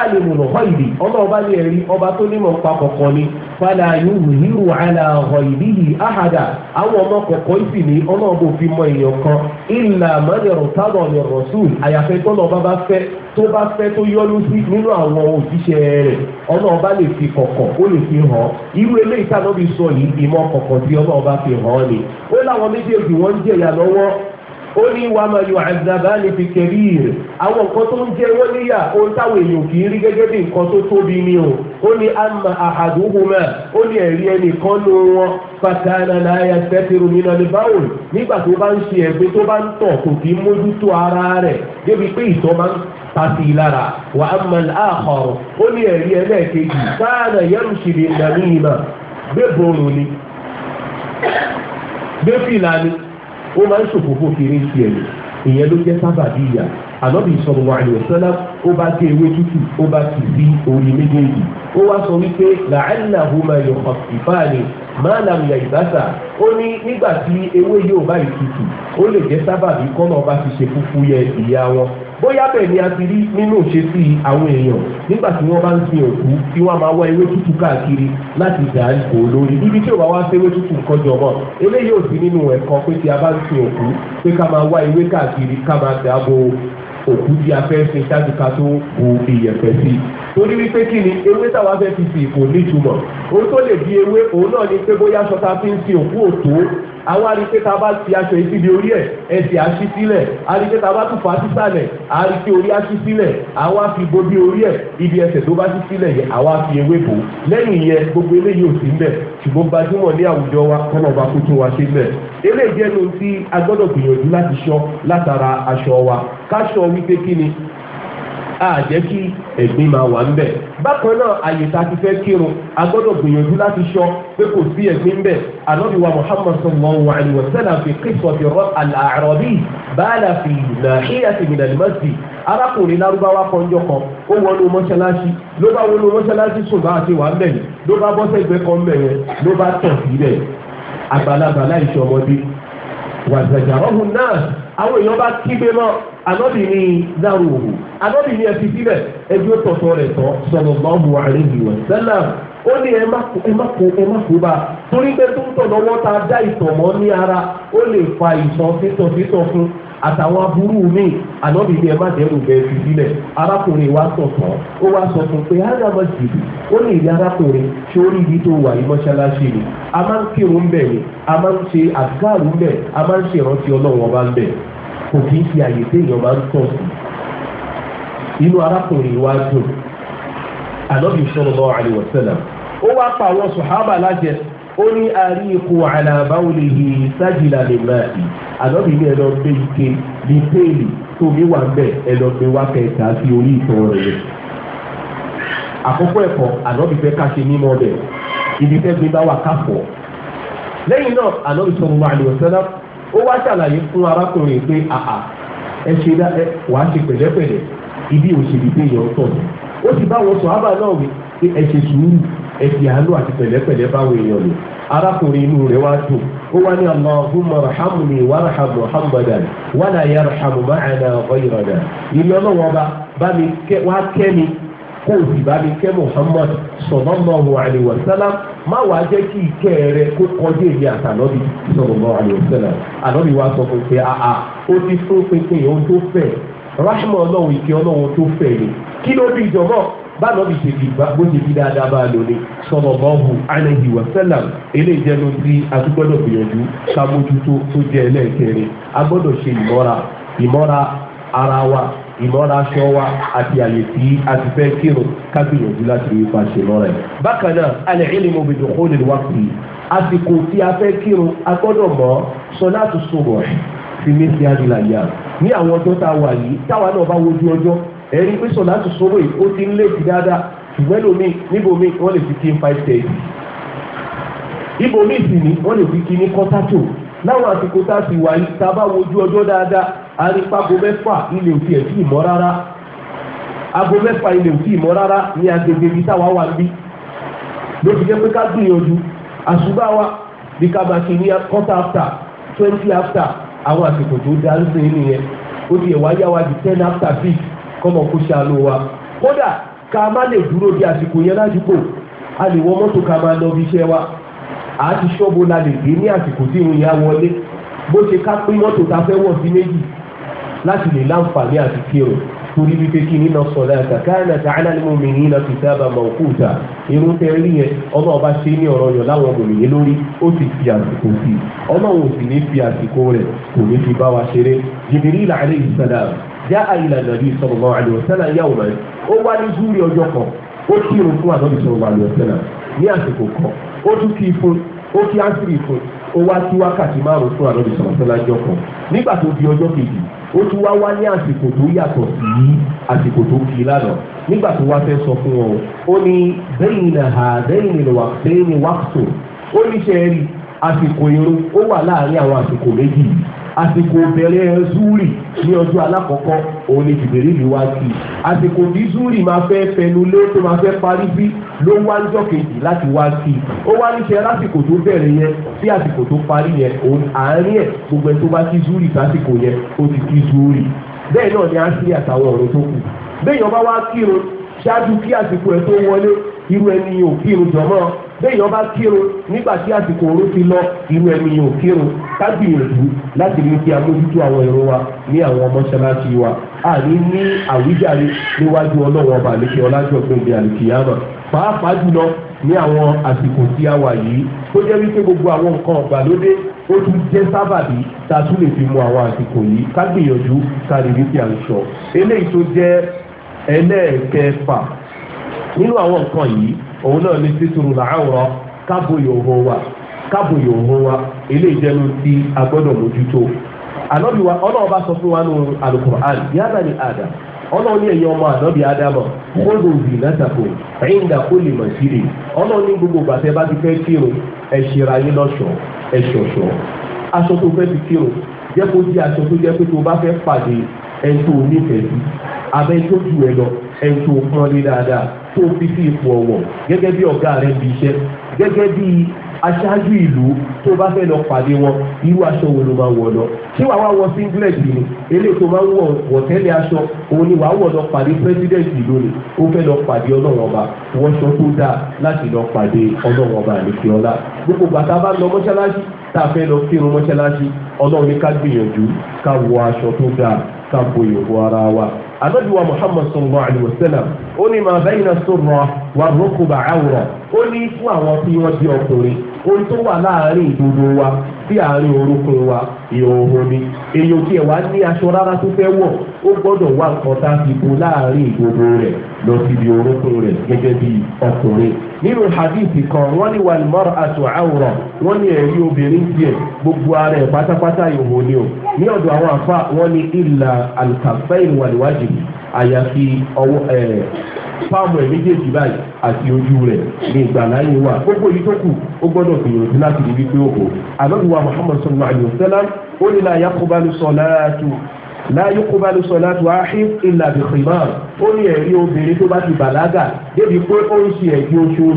alimul ghaibi ọlọ́ọ̀ba ní ẹ̀rí ọba tó nímọ̀ pa kọ̀ọ̀kan ni fàlà yóò hírù àlà ọ̀họ̀ ìlíyìí àhàdà àwọn ọmọ kọ̀ọ̀kan sì ní ọlọ́ọ̀bù fi mọ èèyàn kan ìlà mọ́lẹ̀rọ̀ tábọ̀ ní rọ̀ṣùl àyàfẹ́ tọ́lọ̀ bá bá fẹ́ tó bá fẹ́ tó yọ́nú sí nínú àwọn òṣìṣẹ́ rẹ̀ ọlọ́ọ̀bá lè fi kọ̀kọ̀ ó lè fi hàn irú eléyìí tánà bí sọ yìí ìmọ̀ kọ̀kọ̀ tí ọlọ́ọ̀bá fi hàn ni ó láwọn méjèèjì wọ́n ń jẹ̀yà lọ́wọ́ ó ní wàá máa yọ àzàbá ní fi kẹrí rẹ̀ àwọn nǹkan tó ń jẹ wọ́n níyà ohun táwọn èèyàn kì í rí gẹ́gẹ́ bí nǹkan tó tóbi ni o ó ní àmà àhàdúhùmá ó ní ẹ̀rí ẹnìkan ló wọn fàtàlà láyà sẹ́tìrù nínú ní báwòl nígbà tó bá ń ṣe ẹ̀gbẹ́ tó bá ń tọ̀ kò kì í mójútó ara rẹ̀ débi pé ìtọ̀ máa ń pàṣẹ lára wà á mọ àkọrọ ó ní ẹ̀rí ẹlẹ́ẹ̀kejì ó máa ń ṣòfófó kiri ń tiẹ̀ ìyẹn ló jẹ́ sábàbí ìyà ànábì sọ̀rọ̀ wà ní ọ̀sánná ó bá gé ewé tútù ó bá tì sí orí méjèèjì ó wá sọ wípé làálà huma yọ ìfáàní máa làm yà ìbáṣà ó ní nígbà tí ewé yóò bá ìtutù ó lè jẹ́ sábàbí kọ́nà ọba ti ṣe fúfú yẹ ìyá wọn bóyá bẹ́ẹ̀ ni a ti rí nínú ìṣesí àwọn èèyàn nígbà tí wọ́n bá ń sin òkú tí wọ́n máa wá ewé tútù káàkiri láti dà á kò lórí ibi tí ò bá wá sí ewé tútù nǹkan jọ̀mọ́ eléyìí ò sí nínú ẹ̀kọ́ pé tí a bá ń sin òkú pé ká máa wá ewé káàkiri ká máa dà á bo òkú tí a fẹ́ sin ṣáájú ká tó bu ìyẹ̀pẹ̀ sí i torí wípé kí ni ewé táwa fẹ́ fi sí kò nítumọ̀ òun tó lè di ewé òun náà ni pé bóyá aṣọ fi ń sin òkú òtó àwọn arípé tá a bá ti aṣọ yìí síbi orí ẹ̀ ẹsẹ̀ aṣí sílẹ̀ arípé tá a bá tún fà á sísàlẹ̀ orí aṣí sílẹ̀ àwa fi bobi orí ẹ̀ ibi ẹsẹ̀ tó bá ṣí sílẹ̀ yẹ àwa fi ewé bò lẹ́yìn yẹn gbogbo eléyìí ò sí ń bẹ̀ ṣùgbọ́n gbajúmọ̀ ní àwùjọ wa kọ́nà ọba kó tún wa ṣe bẹ̀ eléyìí jẹ́nu tí a gbọ́dọ̀ gbìyànjú láti ṣọ́ látara aṣọ wa káṣọ wípé kíni a jẹ́ kí ẹ̀gbin máa wà ńbẹ̀. bákan náà àyè tá a ti fẹ́ kírun a gbọ́dọ̀ gbìyànjú láti sọ pé kò sí ẹ̀gbin ńbẹ̀. ànábì wa muhammad sallallahu alayhi wa sallam fi qissati al-a'rabi bala fi nahiyati min al-masjid. arákùnrin lárúbáwá kọjọ kan ó wọnú mọ́ṣáláṣí ló bá wọnú mọ́ṣáláṣí sùn bá a ti wà ńbẹ̀ yẹn ló bá bọ́sẹ̀ ìgbẹ́ kan ńbẹ̀ yẹn ló bá tọ̀ sílẹ̀ àgbàlagbà láì ṣọmọdé wàzàjàrọ́hùn náà àwọn èèyàn bá kígbe mọ́ anọ́bì ní dáhùn òwò anọ́bì ní ẹfi síbẹ̀ ẹbí ó tọ̀tọ̀ rẹ̀ tọ́ sallallahu alaihi wa sallam ó ní ẹ má kó ẹ má kó bá torí pé tó ń tọ̀ lọ́wọ́ ta dá ìtọ̀mọ́ ní ara ó lè fa ìtọ̀ fítọ̀ fítọ̀ fún àtàwọn aburú mi ànábì ni ẹ má dẹ́rù bẹ́ẹ̀ fi sílẹ̀ arákùnrin wa sọ̀tàn ó wá sọ fún pé ádámà jìbì ó ní ìdí arákùnrin ṣé ó rí ibi tó wà yìí mọ́ṣáláṣí ni a máa ń kírun ń bẹ̀ ni a máa ń ṣe àgáàrú ń bẹ̀ a máa ń ṣe ìrántí ọlọ́run ọba ń bẹ̀ kò kì í ṣe àyè téèyàn máa ń tàn sí inú arákùnrin wa dùn ànábì sallallahu alaihi wasallam ó wá pa àwọn sùhábà lájẹ ó ní àríkù àlàbáwò lè yí sájìlá lè máa yìí ànábì ní ẹ̀rọ gbé ike ní péèlì tó mi wà bẹ́ẹ̀ ẹ̀rọ gbé wá kẹta sí orí ìtàn rẹ̀. àkókò ẹ̀kọ́ ànábì fẹ́ ká ṣe mímọ́ bẹ̀ ibi fẹ́ gbé bá wà káfọ́. lẹ́yìn náà ànábì sallallahu alaihi wasallam ó wá ṣàlàyé fún arákùnrin pé àà ẹ ṣe wàá ṣe pẹ̀lẹ́pẹ̀lẹ́ ibi òṣèlú pé èèyàn tọ̀ ó sì bá wọn sọ ẹ̀fì àánú àti pẹ̀lẹ́pẹ̀lẹ́ báwọn èèyàn lò arákùnrin inú rẹ̀ wá dùn ó wá ní Allahumma rahamni warham Muhammadan wala yarham ma'ana ghayrana ìlú ọlọ́wọ́ bá bá mi wá kẹ́ mi kó o sì bá mi kẹ́ Muhammad sallallahu alaihi wasallam má wàá jẹ́ kí ìkẹ́ rẹ kó kọjú èmi àtàlọ́bì sallallahu alaihi wasallam àlọ́bì wa sọ fún pé àà ó ti fún pínpín ohun tó fẹ̀ rahma ọlọ́run ìkẹ́ ọlọ́run tó fẹ̀ ni kí ló bí ìjọba báwo bí tèbi bó tèbi dáadáa bá a lò ní sallallahu alaihi wa sallam eléyìí jẹ́ ló ti àtúgbọ́dọ̀ gbìyànjú ká mójútó tó jẹ́ ẹlẹ́ẹ̀kẹrin a gbọ́dọ̀ ṣe ìmọ́ra ìmọ́ra ara wa ìmọ́ra aṣọ wa àti àyè tí a ti fẹ́ kírun ká gbìyànjú láti rí ipa ṣe lọ́rẹ̀. bákan náà al-ilmu bi dukhulil waqti àsìkò tí a fẹ́ kírun a gbọ́dọ̀ mọ̀ salatu subh fi mithli hadhihi al-ayyam ní àwọn ọjọ́ tá a wà yìí táwa náà bá wojú ọjọ́ ẹ̀rí pé sọ̀lá tó sọ́wọ́ yìí ó ti ń lé ti dáadáa ṣùgbọ́n lómi wọ́n lè fi kí five thirty ibomi sì ni wọ́n lè fi kí ní kọ́tàtò láwọn àsìkò tá a ti wà yìí tá a bá wojú ọjọ́ dáadáa mẹ́fà ilé òfì ẹ̀ tí ì mọ́ rárá ago mẹ́fà ilé òfì ì mọ́ rárá agbègbè táwa wà jẹ́ pé ká gbìyànjú wa bí ká bá ṣe ní quarter after twenty after àwọn ten after six kọ́mọ kó ṣàánú wa kódà ká má lè dúró bí àsìkò yẹn ládùúgbò a lè wọ mọ́tò ká máa lọ bí iṣẹ́ wa à á ti ṣọ́bù la lè dé ní àsìkò tí ìrìn yà wọlé bó ṣe ká pín mọ́tò ta fẹ́ wọ̀ sí méjì láti lè láǹfààní àti kírun torí wípé kí nínú sọ̀rọ̀ àtàkàrà tààlà ní mòmìnì iná kìtàbà mọ̀kúta irun tẹ rí yẹn ọmọ ọba ṣe ní ọ̀rọ̀ yọ láwọn mòmìnì lórí ó sì fi àsìkò sí ọmọ òun sì ní fi àsìkò rẹ̀ kò ní fi bá wa ṣeré Jibril alayhi salam já àyìnlá nàbí sallallahu alaihi wasallam yàwó rẹ̀ ó wá ní zúrí ọjọ́ kan ó kí irun fún ànábì sallallahu alaihi wasallam ní àsìkò kan ó tún kí fún ó kí ásírì fún ó wá sí wákàtí márùn fún ànábì sallallahu alaihi wasallam jọ kan nígbà tó di ọjọ́ o ó tún wá wá ní àsìkò tó yàtọ̀ sí àsìkò tó kí lánàá nígbà tó wá fẹ́ sọ fún wọn ó ní bẹ́yìn nàá bẹ́yìn wà bẹ́yìn wàásù ó ní sẹ́ẹ̀rì àsìkò irun ó wà láàárín àwọn àsìkò méjì yìí àsìkò bẹ̀rẹ̀ zúrì ní ọjọ́ alákọ̀ọ́kọ́ òun ni jìbìrì mi wá sí i àsìkò bí zúrì máa fẹ́ fẹnu lé tó máa fẹ́ parí sí ló wá ń jọ́kejì láti wá sí i ó wá níṣẹ́ lásìkò tó bẹ̀rẹ̀ yẹn sí àsìkò tó parí yẹn òun àárín ẹ̀ gbogbo ẹ̀ tó bá kí zúrì sásìkò yẹn ó ti kí zúrì bẹ́ẹ̀ náà ni á sí àtàwọn ọ̀rọ̀ tó kù bẹ́ẹ̀ yọ̀ọ́ bá wá kírun ṣáájú kí àsìkò ẹ̀ tó wọlé irú ẹni yìí ò kírun jọmọ́ béèyàn bá kírun nígbà tí àsìkò oró ti lọ irú ẹni yìí ò kírun ká gbìyànjú láti mú kí amójútó àwọn èrò wa ní àwọn mọ́ṣáláṣí wa àní ní àwíjàre níwájú ọlọ́wọ́ ọba àlekè ọlájọ́ gbòǹde àlùkìyàmọ̀ pàápàá jùlọ ní àwọn àsìkò tí a wà yìí tó jẹ́ wípé gbogbo àwọn nǹkan ọ̀gbàlódé ó tún jẹ́ sábàbí tá a tún lè fi mú àwọn àsìkò yìí ká gbìyànjú ká lè rí kí à ń sọ eléyìí tó jẹ́ ẹlẹ́ẹ̀kẹfà nínú àwọn nǹkan yìí òun náà ní títúrú làárọ̀ káàbò yòówó wa káàbò yòówó wa eléyìí jẹ́nu tí a gbọ́dọ̀ mójútó ànábì wa ọlọ́run bá sọ fún wa nù alukur'an yálà ní adam ọlọ́run ní ẹ̀yìn ọmọ ànábì ádámọ̀ kódò bì látàkù ẹ̀yìndà kó lè mọ̀ sí rè ọlọ́run ní gbogbo gbàtẹ́ bá ti fẹ́ kírun ẹ ṣera yín lọ́ṣọ̀ọ́ ẹ aṣọ tó fẹ́ fi kírun jẹ́ kó aṣọ tó jẹ́ pé tó bá fẹ́ pàdé ẹni tó nífẹ̀ẹ́ sí abẹ́ tó ju ẹ lọ ẹni tó pọ́n lé dáadáa tó fi sí ipò ọ̀wọ̀ gẹ́gẹ́ bí ọ̀gá rẹ̀ ń bi iṣẹ́ gẹ́gẹ́ bí aṣáájú ìlú tó bá fẹ́ lọ pàdé wọn irú aṣọ wo ló máa wọ̀ lọ ṣé wàá wá wọ singlet ni eléyìí tó máa ń wọ wọ̀tẹ́lẹ̀ aṣọ òun ni wàá wọ̀ lọ pàdé president ìlú ni ó fẹ́ lọ pàdé ọlọ́wọ́n ọba wọṣọ tó dáa láti lọ pàdé ọlọ́wọ́n ọba àlèkè ọlá gbogbo bàtà bá lọ mọ́ṣáláṣí tá a fẹ́ lọ kírun mọ́ṣáláṣí ọlọ́run ní ká gbìyànjú ká wọ aṣọ tó dáa ká bo ìhòòhò ara wa anabiwa muhammad sallallahu alayhi wa sallam ó ní màá bẹ́yìn náà sọ̀rọ̀ wà rọ́kùbà àwòrán ó ní fún àwọn tí wọ́n di ọkùnrin ohun tó wà láàárín ìdodo wa sí àárín orúnkún wa ìhòòhò ni èèyàn kí ẹ wá ní aṣọ rárá tó fẹ́ wọ̀ ó gbọ́dọ̀ wá nǹkan tá a fi bo láàárín ìdodo rẹ̀ lọ síbi orúnkún rẹ̀ gẹ́gẹ́ bí ọkùnrin nínú hadith kan wọ́n ní wal mar'atu awra wọ́n ní ẹ̀rí obìnrin tiẹ̀ gbogbo ara ẹ̀ pátápátá ìhòòhò ni o ní ọ̀dọ̀ àwọn àfa wọ́n ní ìlà alkafain wàlúwájì àyàfi ọwọ́ ẹ̀ fáàmù ẹ̀ méjèèjì báyìí àti ojú rẹ̀ ní ìgbà láyé wa gbogbo yìí tó kù ó gbọ́dọ̀ gbìyànjú láti rí wípé òkò àlọ́ ìwà Muhammad sallallahu alayhi wa sallam ó ní la yaqbalu salatu láyé kó bá lè sọ láti wá ṣí ìlà bìkìmá ó ní ẹ̀rí obìnrin tó bá ti bàlágà débi pé ó ń ṣe ẹ̀gbin oṣooṣù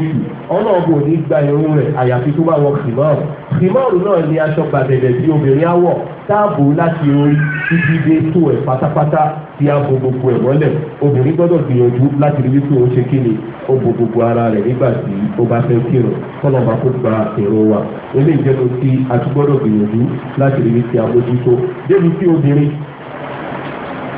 ọ̀nà ọ̀bù ò ní gba irun rẹ̀ àyàfi tó bá wọ kìmọ́ọ̀rù kìmọ́ọ̀rù náà ni aṣọ gbàdẹ̀dẹ̀ tí obìnrin á wọ̀ táàbù láti orí títí dé tó ẹ̀ pátápátá tí a bo gbogbo ẹ̀ mọ́lẹ̀ obìnrin gbọ́dọ̀ gbìyànjú láti rí wípé ó ṣe kí ni ó bo gbogbo ara rẹ̀ nígbà tí ó bá fẹ́ kírun kọ́nà bá kó gba èrò wa eléyìí jẹ́ ló ti a tún gbọ́dọ̀ gbìyànjú láti rí wípé a mójútó débi tí obìnrin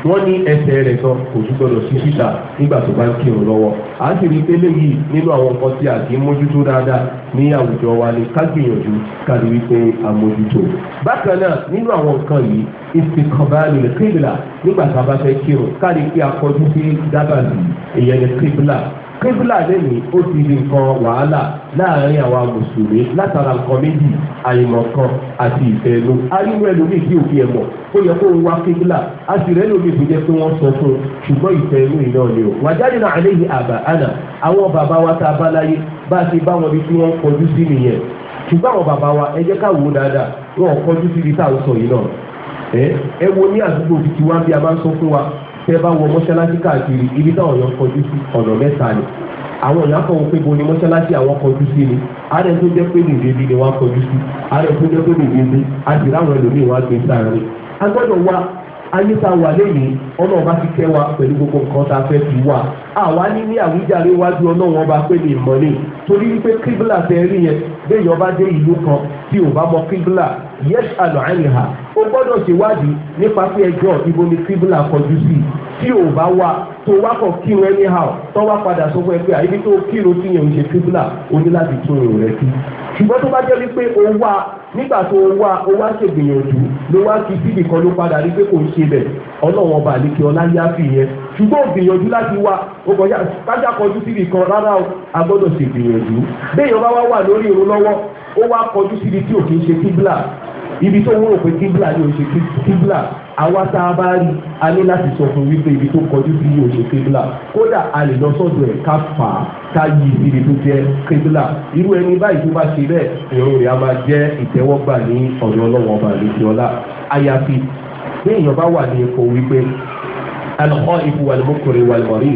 wọ́n ní ẹsẹ̀ rẹ̀ kan kò tún gbọdọ̀ sí síta nígbà tó bá ń kírun lọ́wọ́ à ń sì rí pé léyìí nínú àwọn nǹkan tí a kì í mójútó dáadáa ní àwùjọ wa ni ká gbìyànjú ká rí wípé a mójútó. bákan náà nínú àwọn nǹkan yìí ìsìnkànbáàlù kíbìlà nígbà tá a bá fẹ́ kírun ká rí pé a sí dábàbí ìyẹn ní kíbìlà kébùlà lẹ́yìn ó ti di nǹkan wàhálà láàárín àwa mùsùlùmí látara nǹkan méjì àìmọ̀kan àti ìfẹ́ ẹnu ariwo ẹlòmíì tí òfin ẹ̀mọ̀ ó yẹ kó ń wá kébùlà a sì rẹ́ lómi tó jẹ́ pé wọ́n sọ fún un ṣùgbọ́n ìfẹ́ ẹnu ìná ni o wàjáde náà àléyìn àbà àná àwọn bàbá wa tá a bá láyé bá a ti bá wọn bí tí wọ́n kọjú sí nìyẹn ṣùgbọ́n àwọn bàbá wa ẹ jẹ́ ká wò dáadáa wọn kọjú síbi tá à ń sọ yìí náà ẹ wo ní àdúgbò tí wá bí a máa ń sọ fún wa tẹ bá wọ mọ́ṣáláṣí káàkiri ibi táwọn èèyàn kọjú sí ọ̀nà mẹ́ta ni àwọn èèyàn kọ̀ wọ́n pé bo ni mọ́ṣáláṣí àwọn kọjú sí ni ààrẹ tó jẹ́ pé nìdí bí ni wọ́n kọjú sí ààrẹ tó jẹ́ pé nìdí bí àti ráwọn ẹlòmíì wọ́n á gbé sáárín agbọ́dọ̀ wa ayé tá a wà lẹ́yìn ọlọ́run bá ti kẹ́ wa pẹ̀lú gbogbo nǹkan tá a fẹ́ fi wà àwa ní ní àwíjàre wájú ọlọ́run ọba pé ní ìmọ̀ ni torí wípé kíbla fẹ́ rí yẹn bẹ́ẹ̀ yọba dé ìlú kan tí ò bá mọ kíbla yẹ́sà lọ́ọ́ o gbọ́dọ̀ ṣèwádìí nípa pé ẹjọ́ ibo ni kíbùlà kọjú sí tí ò bá wà tó wá kàn kírun anyhow tó wá padà sọ fún ẹ pé àyíbí tó kírun tí yẹn ń ṣe kíbùlà o ní láti tún irun rẹ kí ṣùgbọ́n tó bá jẹ́ wípé o wá nígbà tó o wá o wá ṣègbìyànjú ló wá kí síbì kan ló padà rí pé kò ń ṣe bẹ̀ ọlọ́wọ́n ọba àlekè ọlá yá fi yẹn ṣùgbọ́n ògbìyànjú láti wá o kọjá kájà kọjú síbì kan rárá o a gbọ́dọ̀ ṣègbìyànjú bẹ́ẹ̀ yọba wá wà lórí irun lọ́wọ́ ó wá kọjú síbi tí ò kì í ṣe kíbùlà ibi tó ń rò pé kíbla ni ò ṣe kíbla àwa tá a bá rí a ní láti sọ fún wípé ibi tó kọjú sí yóò ṣe kíbla kódà a lè lọ sọ́dọ̀ ẹ̀ ká fà á ká yí ibi tó jẹ́ kíbla irú ẹni báyìí tó bá ṣe bẹ́ẹ̀ ìrun rẹ̀ a máa jẹ́ ìtẹ́wọ́gbà ní ọ̀dọ̀ ọlọ́wọ́n ọba àlejò ọlá àyàfi bí èèyàn bá wà ní ipò wípé alùpọ̀ ìfú wàlúmọ́kùnrin wàlúmọ́rí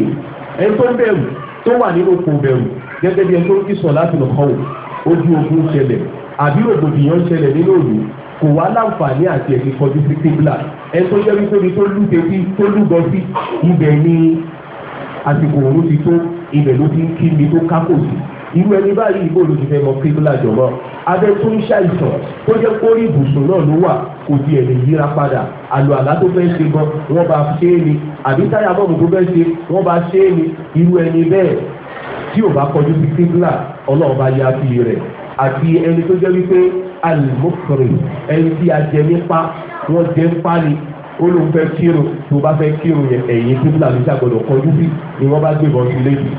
ẹni tó ń bẹ̀rù tó wà nínú ipò bẹ̀rù gẹ́gẹ́ bí ẹni tó ń kí sọ̀ láti lọ́kọ̀ọ́ ojú ogun ṣẹlẹ̀ àbí rògbòdìyàn kò wá láǹfààní àti ẹ̀mí kọjú sí kíbla ẹ tó jẹ́ wípé ni tó lúgọ sí tó lúgọ sí ibẹ̀ ni àsìkò òru ti tó ibẹ̀ ló ti ń kí mi tó kákò sí irú ẹni báyìí ìbò ló ti fẹ́ mọ kíbla jọ̀rọ̀ abẹ́ tó ń ṣàìsàn tó jẹ́ kórì ibùsùn náà ló wà kò tiẹ̀ lè yíra padà àlọ́ àlá tó fẹ́ ṣe gan wọ́n bá ṣe é ni àbí táyà bọ́ọ̀mù tó fẹ́ ṣe wọ́n bá ṣe é ni irú ẹni bẹ́ẹ̀ tí ò bá kọjú sí kíbla ọlọ́ọ̀bá yá fi rẹ̀ àti ẹni tó jẹ́ wípé alimokore ẹni tí a jẹ nípa wọn jẹ nípa ni olùfẹ́ kírun tó bá fẹ́ kírun yẹn ẹ̀yìn tí fúlàní ṣàgbọ̀dọ̀ kọjú sí ni wọ́n bá gbébọn sí lébi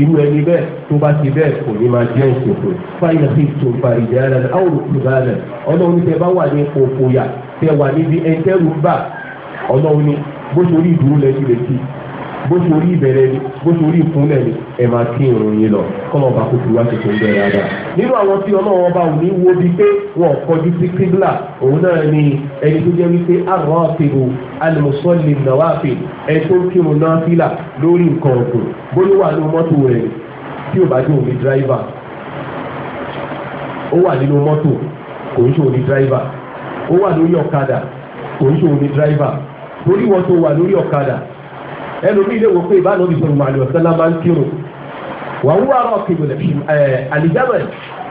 irú ẹni bẹ́ẹ̀ tó bá ti bẹ́ẹ̀ kò ní máa jẹ́ ìṣòfò fáyà sí tó fa ìjà ara rẹ̀ àwọn olùkùnrin ara rẹ̀ ọlọ́run tẹ bá wà ní òfòyà tẹ wà níbi ẹ̀ńtẹ́rù ń bà ọlọ́run ni bó ṣe ìdúró lẹ́sí lẹ́sí bó ṣe orí ìbẹ̀rẹ̀ ni bó ṣe orí ìkúnlẹ̀ ni ẹ máa kí irun yín lọ kọ́nà ọba kò fi wá ṣe tó ń bẹ̀rẹ̀ ara. nínú àwọn tí ọlọ́run ọba ò ní wo bíi pé wọn kọjú sí kíbla òun náà ni ẹni tó jẹ́ wípé àwọn àfihàn alùmùsọ́lì náà wà fi ẹni tó ń kírun náà fílà lórí nǹkan ọ̀gbìn bóyá wà ní mọ́tò rẹ̀ tí ò bá dé òní dráìvà ó wà nínú mọ́tò kò ń ṣe òní dráìvà ó wà lórí ọ̀kadà kò ń ṣe òní dráìvà torí wọn tó wà lórí ọ̀kadà ẹlòmíì lè wò pé ìbáná bí sọ̀rọ̀ màlúù ọ̀sánlá máa ń kírun wàá wúwo àrò kìbìlẹ̀ àlìjámẹ̀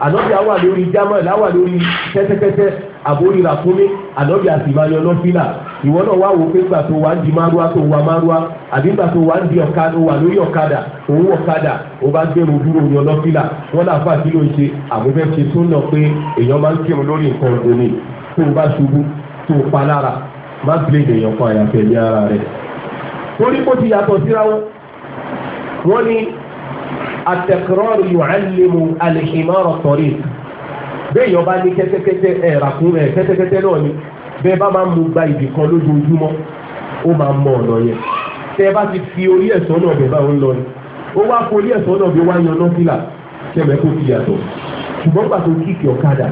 ànọ́bì àwà lórí jámẹ̀ láwà lórí kẹ́tẹ́kẹ́tẹ́ àbórí ràkúnmí ànọ́bì àtìmáyọ lọ́fílà ìwọ náà wá wò pé gbà tó wà ń di márúwá tó wà márúwá àbí gbà tó wà ń di ọ̀kadà wà lórí ọ̀kadà òun ọ̀kadà ó bá gbèrò dúró yan lọ́fílà wọn náà fà kí ló ń ṣe àbúfẹ́ ṣe tó ń lọ pé èèyàn máa ń kírun lórí nǹkan òní tó bá ṣubú tó palára má gbé èèyàn kan àyàfẹ́ ní ara rẹ̀ torí kó ti yàtọ̀ síra wọn wọ́n ní àtẹ̀kọ́rọ́rù yu'allimu al-himara at-tariq bẹ́ẹ̀ yọba ní kẹ́tẹ́kẹ́tẹ́ ẹ̀ ràkún ẹ̀ kẹ́tẹ́kẹ́tẹ́ náà ni bẹ́ẹ̀ bá máa ń mú gba ibì kan lójoojúmọ́ ó máa mọ ọ̀nà yẹn tẹ́ ẹ bá ti fi orí ẹ̀sọ́ náà bẹ̀ bá lọ ni ó wá forí ẹ̀sọ́ náà bí wá yan nọ́fìlà kẹ́mẹ́ kó ti yàtọ̀ ṣùgbọ́n gbà kíkì ọ̀kadà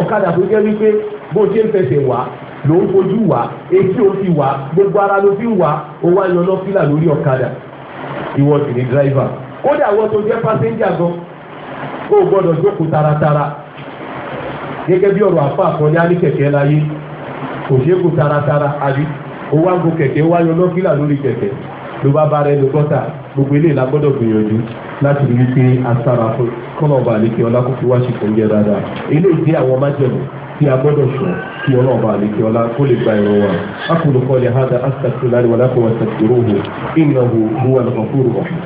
ọ̀kadà tó jẹ́ wípé bó ṣe ń fẹsẹ̀ wá ló ń fojú wá etí ó fi wá gbogbo ara ló fi ń wá ó wá yan lọ́fílà lórí ọ̀kadà ìwọ sì ni dírẹ́fà kódà wọ́n tó jẹ́ pásẹ́ńjà gan kó o gbọ́dọ̀ jókòó taratara gẹ́gẹ́ bí ọ̀rọ̀ àfa àkànní á ní kẹ̀kẹ́ taratara àbí ó wá ń go kẹ̀kẹ́ wá yan lọ́fílà lórí kẹ̀kẹ́ ló bá bá gbogbo eléyìí la gbọ́dọ̀ gbìyànjú láti rí i pé fún kọ́nà ọba àlékè ọlákùnfin ń jẹ أقول قولي هذا أستغفر الله ولكم وتذكروه إنه هو الغفور الرحيم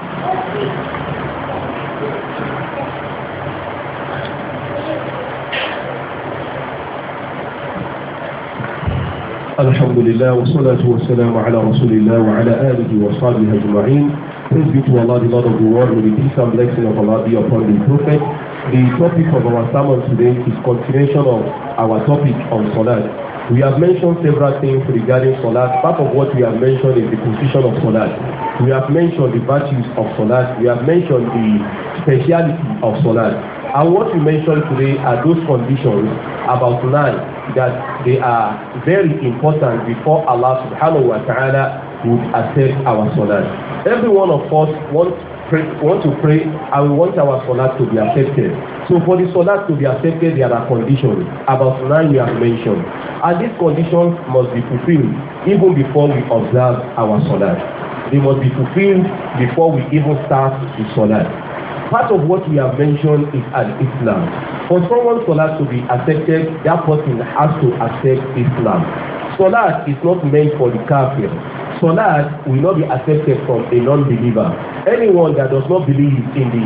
الحمد لله والصلاة والسلام على رسول الله وعلى آله وصحبه أجمعين. Praise be to Allah, the Lord of the world, who did some blessing of Allah be upon the Prophet. The topic of our sermon today is continuation of our topic on Salat. We have mentioned several things regarding Salat. Part of what we have mentioned is the position of Salat. We have mentioned the virtues of Salat. We have mentioned the speciality of Salat. And what we mentioned today are those conditions about nine that they are very important before Allah subhanahu wa ta'ala would accept our Salat. Every one of us wants pray want to pray and we want our salat to be accepted so for the salat to be accepted there are conditions about nine we have mentioned and these conditions must be fulfilled even before we observe our salat they must be fulfilled before we even start the salat part of what we have mentioned is an Islam for someone's salat to be accepted that person has to accept Islam salat is not meant for the kafir Salat will not be accepted from a non-believer. Anyone that does not believe in the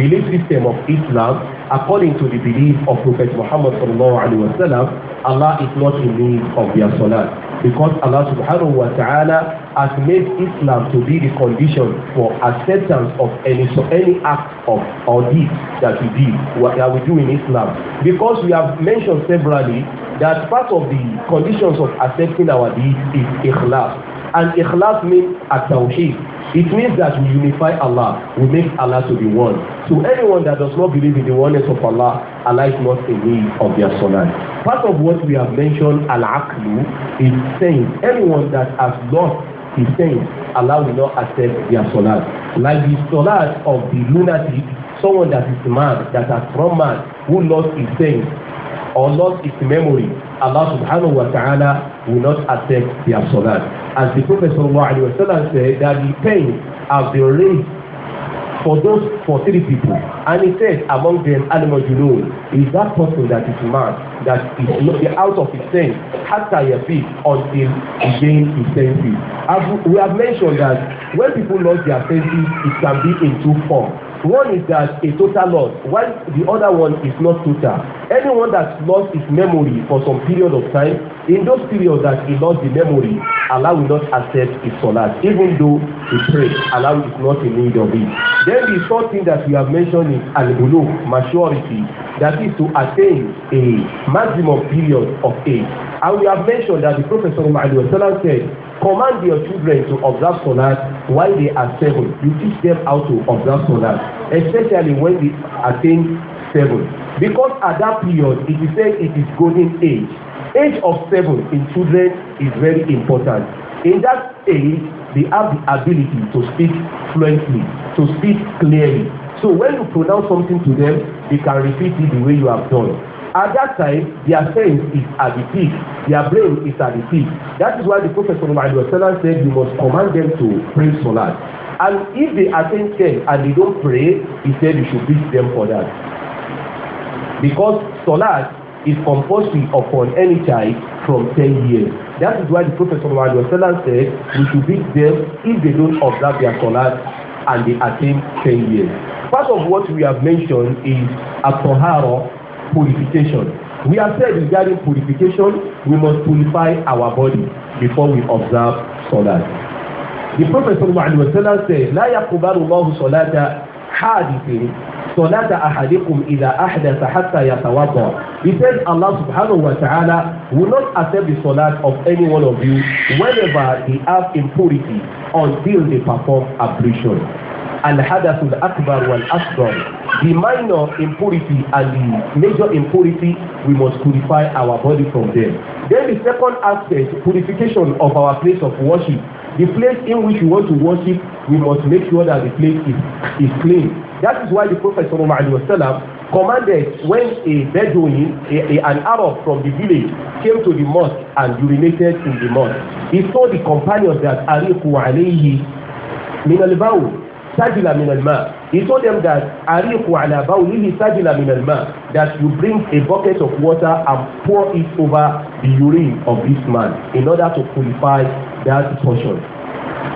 belief system of Islam, according to the belief of Prophet Muhammad sallallahu alaihi wasallam, Allah is not in need of their salat. Because Allah subhanahu wa ta'ala has made Islam to be the condition for acceptance of any so any act of or deed that we do that we do in Islam. Because we have mentioned severally that part of the conditions of accepting our deed is ikhlas. And ikhlas means at It means that we unify Allah, we make Allah to be one. So anyone that does not believe in the oneness of Allah, Allah is not in need of their salat. Part of what we have mentioned, al-aqlu, is saying anyone that has lost his sense, Allah will not accept their salat. Like the salat of the lunatic, someone that is mad, that has run mad, who lost his sense or lost his memory, Allah subhanahu wa ta'ala will not affect their salat. As the Prophet sallallahu said that the pain has been raised for those for three people and he said among them alimojulun is that person that is man that is not the out of his sense after your feet until he gain his senses as we have mentioned that when people lose their senses it can be in two forms One is that a total loss, while the other one is not total. Anyone that lost his memory for some period of time, in those periods that he lost the memory, Allah will not accept his salat, even though he prayed. Allah is not in need of it. Then the third thing that we have mentioned is al-bulugh, maturity, that is to attain a maximum period of age. And we have mentioned that the professor sallallahu alaihi said, Command your children to observe solar while they are seven. You teach them how to observe solar, especially when they attain seven. Because at that period, it is said it is golden age. Age of seven in children is very important. In that age, they have the ability to speak fluently, to speak clearly. So when you pronounce something to them, they can repeat it the way you have done. At that time, their sense is at the peak, their brain is at the peak. That is why the Prophet sallallahu alaihi wasallam said, you must command them to pray salat. And if they attend ten and they don't pray, he said you should beat them for that. Because salat is compulsory upon any child from ten years. That is why the Prophet sallallahu alaihi wasallam said we should beat them if they don't observe their salat and they attend ten years. Part of what we have mentioned is at-tahara purification. We have said regarding purification, we must purify our body before we observe Salat. The Prophet sallallahu alaihi wasallam said, لا يقبل الله صلاة حادث صلاة أحدكم إذا أحدث حتى يتوضأ. He said Allah subhanahu wa ta'ala will not accept the salat of any one of you whenever he has impurity until they perform ablution alhadathul akbar wal asghar the minor impurity and the major impurity we must purify our body from them then the second aspect purification of our place of worship the place in which we want to worship we must make sure that the place is is clean that is why the prophet sallallahu alaihi wasallam commanded when a Bedouin a, a, an Arab from the village came to the mosque and urinated in the mosque he saw the companions that ariku alayhi minal bawl sajila min al-ma he told them that ariqu ala bawlihi sajila min al-ma that you bring a bucket of water and pour it over the urine of this man in order to purify that portion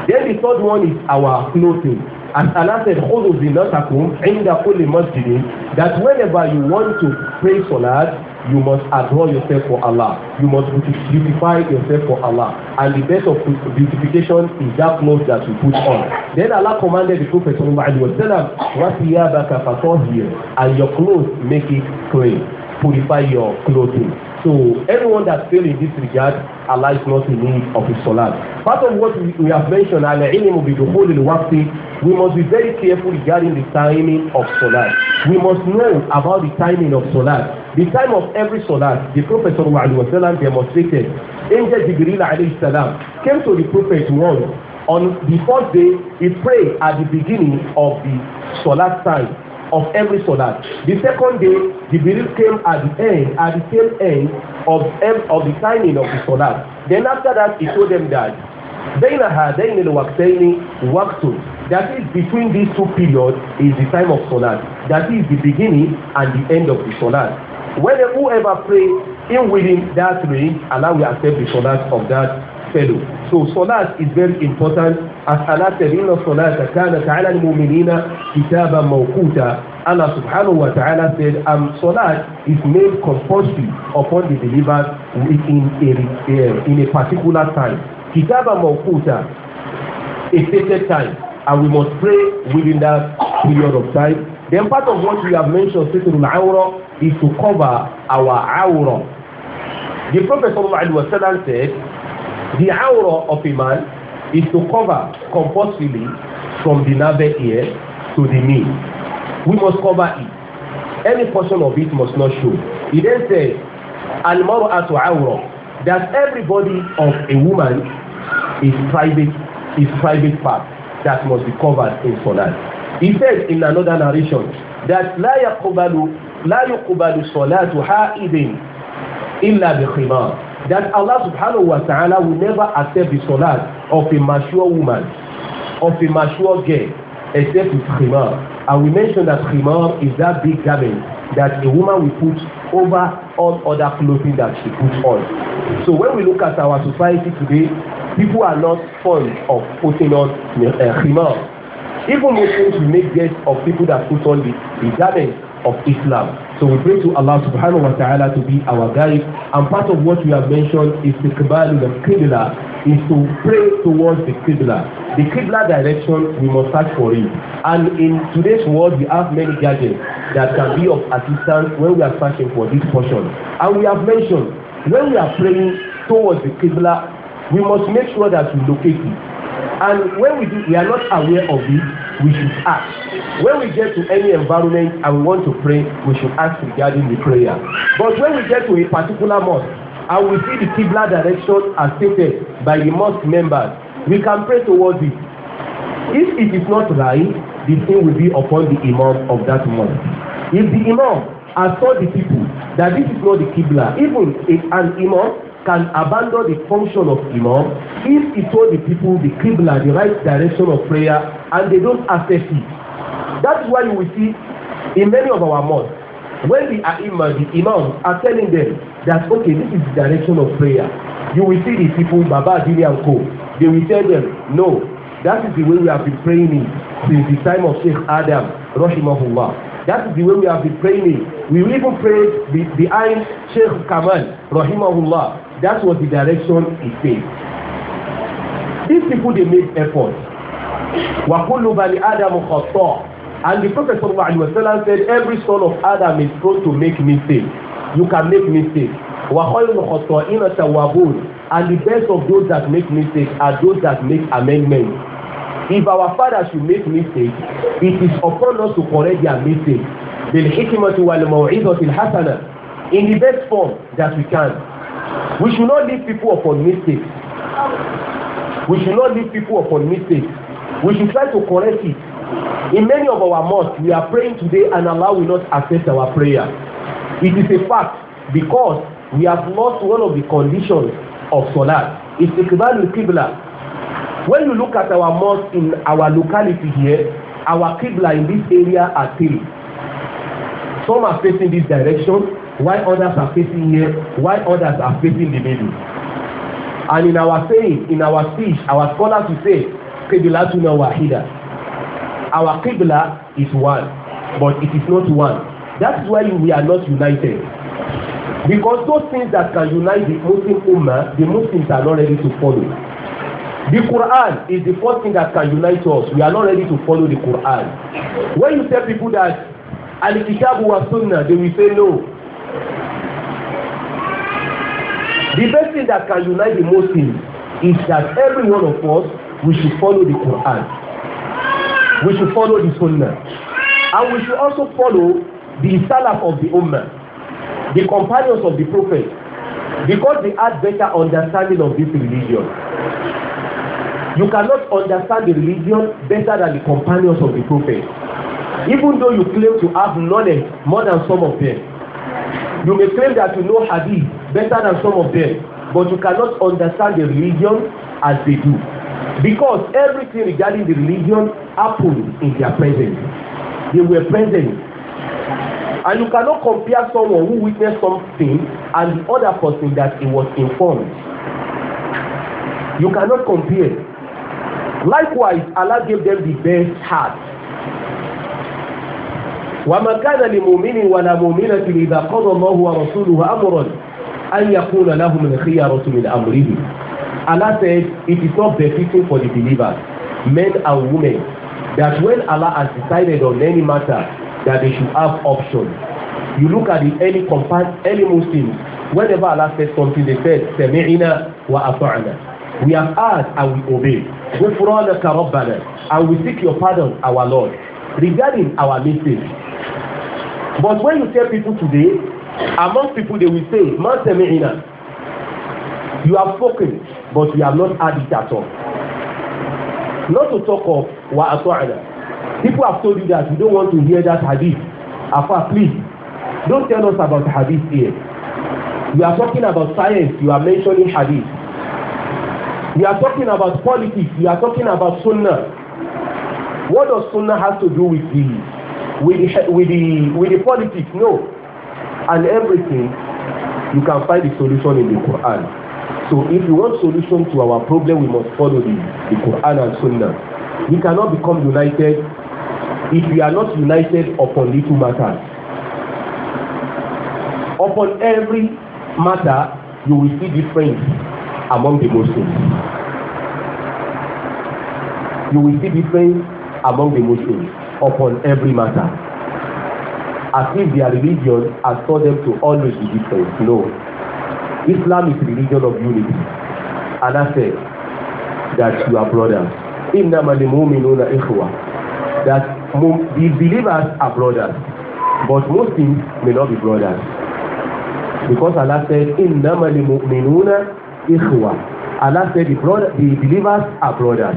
then the third one is our clothing as Allah said khudhu zinatakum inda kulli masjidin that whenever you want to pray salat you must adore yourself for Allah. You must beautify yourself for Allah. And the best of beautification is that clothes that you put on. Then Allah commanded the Prophet sallallahu alaihi wasallam, "Wasiyabaka here, and your clothes make it clean. Purify your clothing. So anyone that fail in this regard, Allah is not in need of his salat. Part of what we, we have mentioned, al-ilmu bi dukhulil waqti, we must be very careful regarding the timing of salat. We must know about the timing of salat. The time of every salat, the Prophet sallallahu alaihi wasallam demonstrated. Angel Jibril alayhi salam came to the Prophet once. On the first day, he prayed at the beginning of the salat time of every salat. The second day, Jibril came at the end, at the same end of end of the timing of the salat. Then after that, he told them that بين هذين الوقتين وقت that is between these two periods is the time of salat that is the beginning and the end of the salat whether whoever pray in within that rain Allah will accept the salat of that fellow so salat is very important as Allah said inna salata kanat ala al-mu'minina kitaban mawquta Allah subhanahu wa ta'ala said um, salat is made compulsory upon the believers in a, in a particular time kitaban mawquta a stated time and we must pray within that period of time Then part of what we have mentioned, sitrul awra, is to cover our awra. The Prophet sallallahu alaihi wasallam said, the awra of a man is to cover compulsively from the navel ear to the knee. We must cover it. Any portion of it must not show. He then said, al-mar'atu awra, that everybody of a woman is private, is private part that must be covered in salat. He says in another narration that لا يقبل لا يقبل صلاة حائض إلا بخمار that Allah subhanahu wa ta'ala will never accept the salat of a mature woman of a mature girl except with khimar and we mentioned that khimar is that big garment that a woman will put over all other clothing that she put on so when we look at our society today people are not fond of putting on uh, khimar even Muslims will make guests of people that put on the, the garment of Islam. So we pray to Allah subhanahu wa ta'ala to be our guide. And part of what we have mentioned is the Qibla, the Qibla, is to pray towards the Qibla. The Qibla direction, we must search for it. And in today's world, we have many gadgets that can be of assistance when we are searching for this portion. And we have mentioned, when we are praying towards the Qibla, we must make sure that we locate it And when we do, we are not aware of it, we should ask. When we get to any environment and we want to pray, we should ask regarding the prayer. But when we get to a particular mosque and we see the kibla direction as stated by the mosque members, we can pray towards it. If it is not right, the thing will be upon the Imam of that mosque. If the Imam has told the people that this is not the kibla, even if an Imam can abandon the function of imam if he told the people the qibla the right direction of prayer and they don't accept it that is why you will see in many of our mosques when the aima the imams are telling them that okay this is the direction of prayer you will see the people baba adini and co they will tell them no that is the way we have been praying in since the time of Sheikh Adam rahimahullah that is the way we have been praying. in. We even prayed behind Sheikh Kamal, rahimahullah. That was the direction he faced. These people dey make effort. Wakulu bani Adam khata. And the Prophet sallallahu alaihi wasallam said every son of Adam is prone to make mistake. You can make mistake. Wakulu khata ina tawabun. And the best of those that make mistake are those that make amendment. If our father should make mistake, it is upon us to correct their mistake. Bil hikmati wal maw'izati hasana. In the best form that we can we should not leave people upon mistake we should not leave people upon mistake we should try to correct it in many of our mosques we are praying today and Allah will not accept our prayer it is a fact because we have lost one of the conditions of salat istiqbalul qibla when you look at our mosque in our locality here our qibla in this area are three some are facing this direction Why others are facing here Why others are facing the middle and in our saying in our speech our scholars will say qibla tuna wahida our kibla is one but it is not one that is why we are not united because those things that can unite the muslim ummah the muslims are not ready to follow the Quran is the first thing that can unite us. We are not ready to follow the Quran. When you tell people that Al-Kitabu wa Sunnah, they will say no. The best thing that can unite the Muslims is that every one of us we should follow the Quran. We should follow the Sunnah. And we should also follow the Salaf of the Ummah, the companions of the Prophet, because they had better understanding of this religion. You cannot understand the religion better than the companions of the prophet. Even though you claim to have knowledge more than some of them, You may claim that you know Hadith better than some of them, but you cannot understand the religion as they do. Because everything regarding the religion happened in their presence. They were present. And you cannot compare someone who witnessed something and the other person that he was informed. You cannot compare. Likewise, Allah gave them the best heart وما كان لمؤمن ولا مؤمنة إذا قضى الله ورسوله أمرا أن يكون لهم الخيارة من أمره. Allah said it is not befitting for the believers, men and women, that when Allah has decided on any matter, that they should have options. You look at the early compas early Muslims, whenever Allah said something, they said, Sami'ina wa ata'ana. We have heard and we obey. Ghufranaka Rabbana. And we seek your pardon, our Lord. Regarding our message, But when you tell people today, among people they will say, Man Semihina, you have spoken, but you have not had it at all. Not to talk of wa ato'ana. People have told you that you don't want to hear that hadith. Afa, please, don't tell us about hadith here. We are talking about science, you are mentioning hadith. We are talking about politics, you are talking about sunnah. What does sunnah have to do with these? with the with the with the politics no and everything you can find the solution in the Quran so if you want solution to our problem we must follow the the Quran and Sunnah we cannot become united if we are not united upon little matters upon every matter you will see difference among the Muslims you will see difference among the Muslims upon every matter. As if their religion has taught them to always be different. No. Islam is religion of unity. Allah said that you are brothers. Inna ma Innamal mu'minuna ikhwa. That the believers are brothers. But Muslims may not be brothers. Because Allah said, Inna ma Innamal mu'minuna ikhwa. Allah said the, brother, the believers are brothers.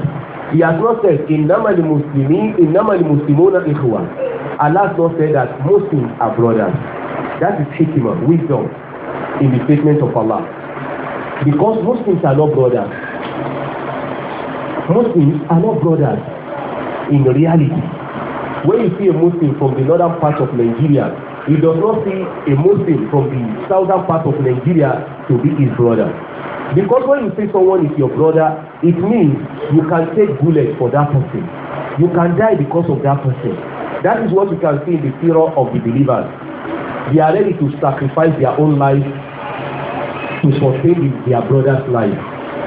He has not ìyàtọ̀ sẹ̀ ìnámàlì mùsùlùmí ìnámàlì mùsùlùmí náà ìhùwà Allah has not said that Muslims are brothers that is hikmah wisdom in the statement of Allah because Muslims are not brothers Muslims are not brothers in reality when you see a Muslim from the northern part of Nigeria you does not see a Muslim from the southern part of Nigeria to be his brother Because when you say someone is your brother, it means you can take bullet for that person. You can die because of that person. That is what you can see in the terror of the believers. They are ready to sacrifice their own life to sustain their brother's life.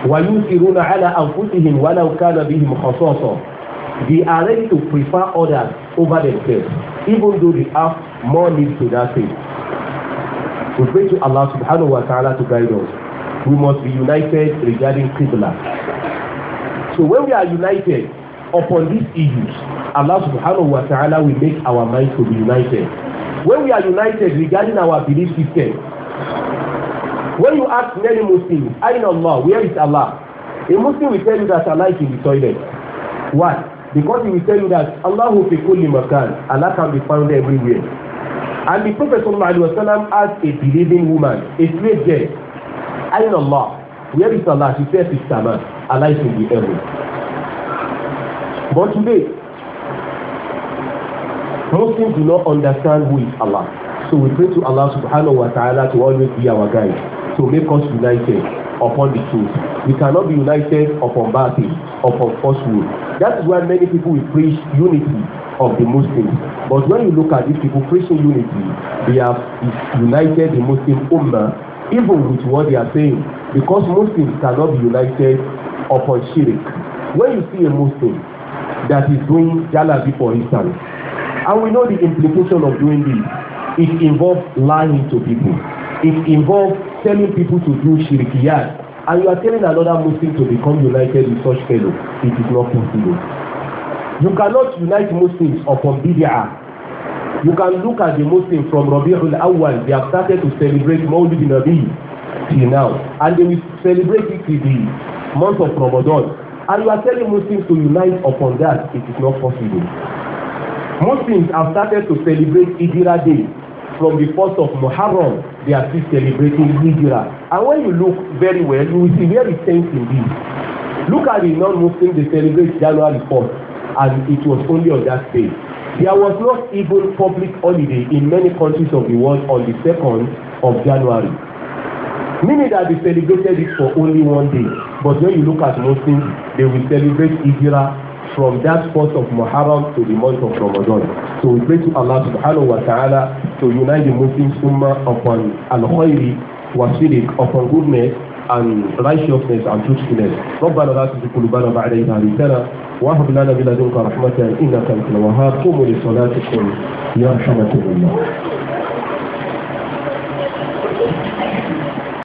وَيُؤْثِرُونَ عَلَىٰ أَنفُسِهِمْ وَلَوْ كَانَ بِهِمْ خَصَاصَةٌ They are ready to prefer others over themselves, even though they have more need to that thing. We pray to Allah subhanahu wa ta'ala to guide us. We must be united regarding Qibla. So when we are united upon these issues, Allah subhanahu wa ta'ala will make our minds to be united. When we are united regarding our belief system, when you ask many Muslims, I know Allah, where is Allah? A Muslim will tell you that Allah is in the toilet. Why? Because he will tell you that Allah Allahu fi kulli makan, Allah can be found everywhere. And the Prophet sallallahu alaihi wasallam asked a believing woman, a slave girl, Ayn Allah? Where is Allah? He says it's Sama. Allah is in the But today, Muslims do not understand who is Allah. So we pray to Allah subhanahu wa ta'ala to always be our guide, to make us united upon the truth. We cannot be united upon bad things, upon falsehood. That is why many people will preach unity of the Muslims. But when you look at these people preaching unity, they have united the Muslim Ummah even with what they are saying because Muslims cannot be united upon shirk when you see a Muslim that is doing jalabi for instance and we know the implication of doing this it involves lying to people it involves telling people to do shirkiyat and you are telling another Muslim to become united with such fellow it is not possible you cannot unite Muslims upon bid'ah You can look at the Muslims from Rabi'ul Awwal, they have started to celebrate Mawlid Nabi till now. And they will celebrate it till the month of Ramadan. And you are telling Muslims to unite upon that. It is not possible. Muslims have started to celebrate Idira Day from the first of Muharram. They are still celebrating Idira. And when you look very well, you will see where it stands in this. Look at the non-Muslims, they celebrate January 4th. And it was only on that day. There was not even public holiday in many countries of the world on the second of January. Meaning that they celebrated it for only one day. But when you look at Muslims, they will celebrate Hijra from that first of Muharram to the month of Ramadan. So we pray to Allah subhanahu wa ta'ala to unite the Muslim Ummah upon al-khayri wa siddiq upon goodness and righteousness and truthfulness. ربنا لا تزغ قلوبنا بعد إذ هديتنا وهب لنا من لدنك رحمة إنك أنت الوهاب قوموا لصلاتكم يا رحمة الله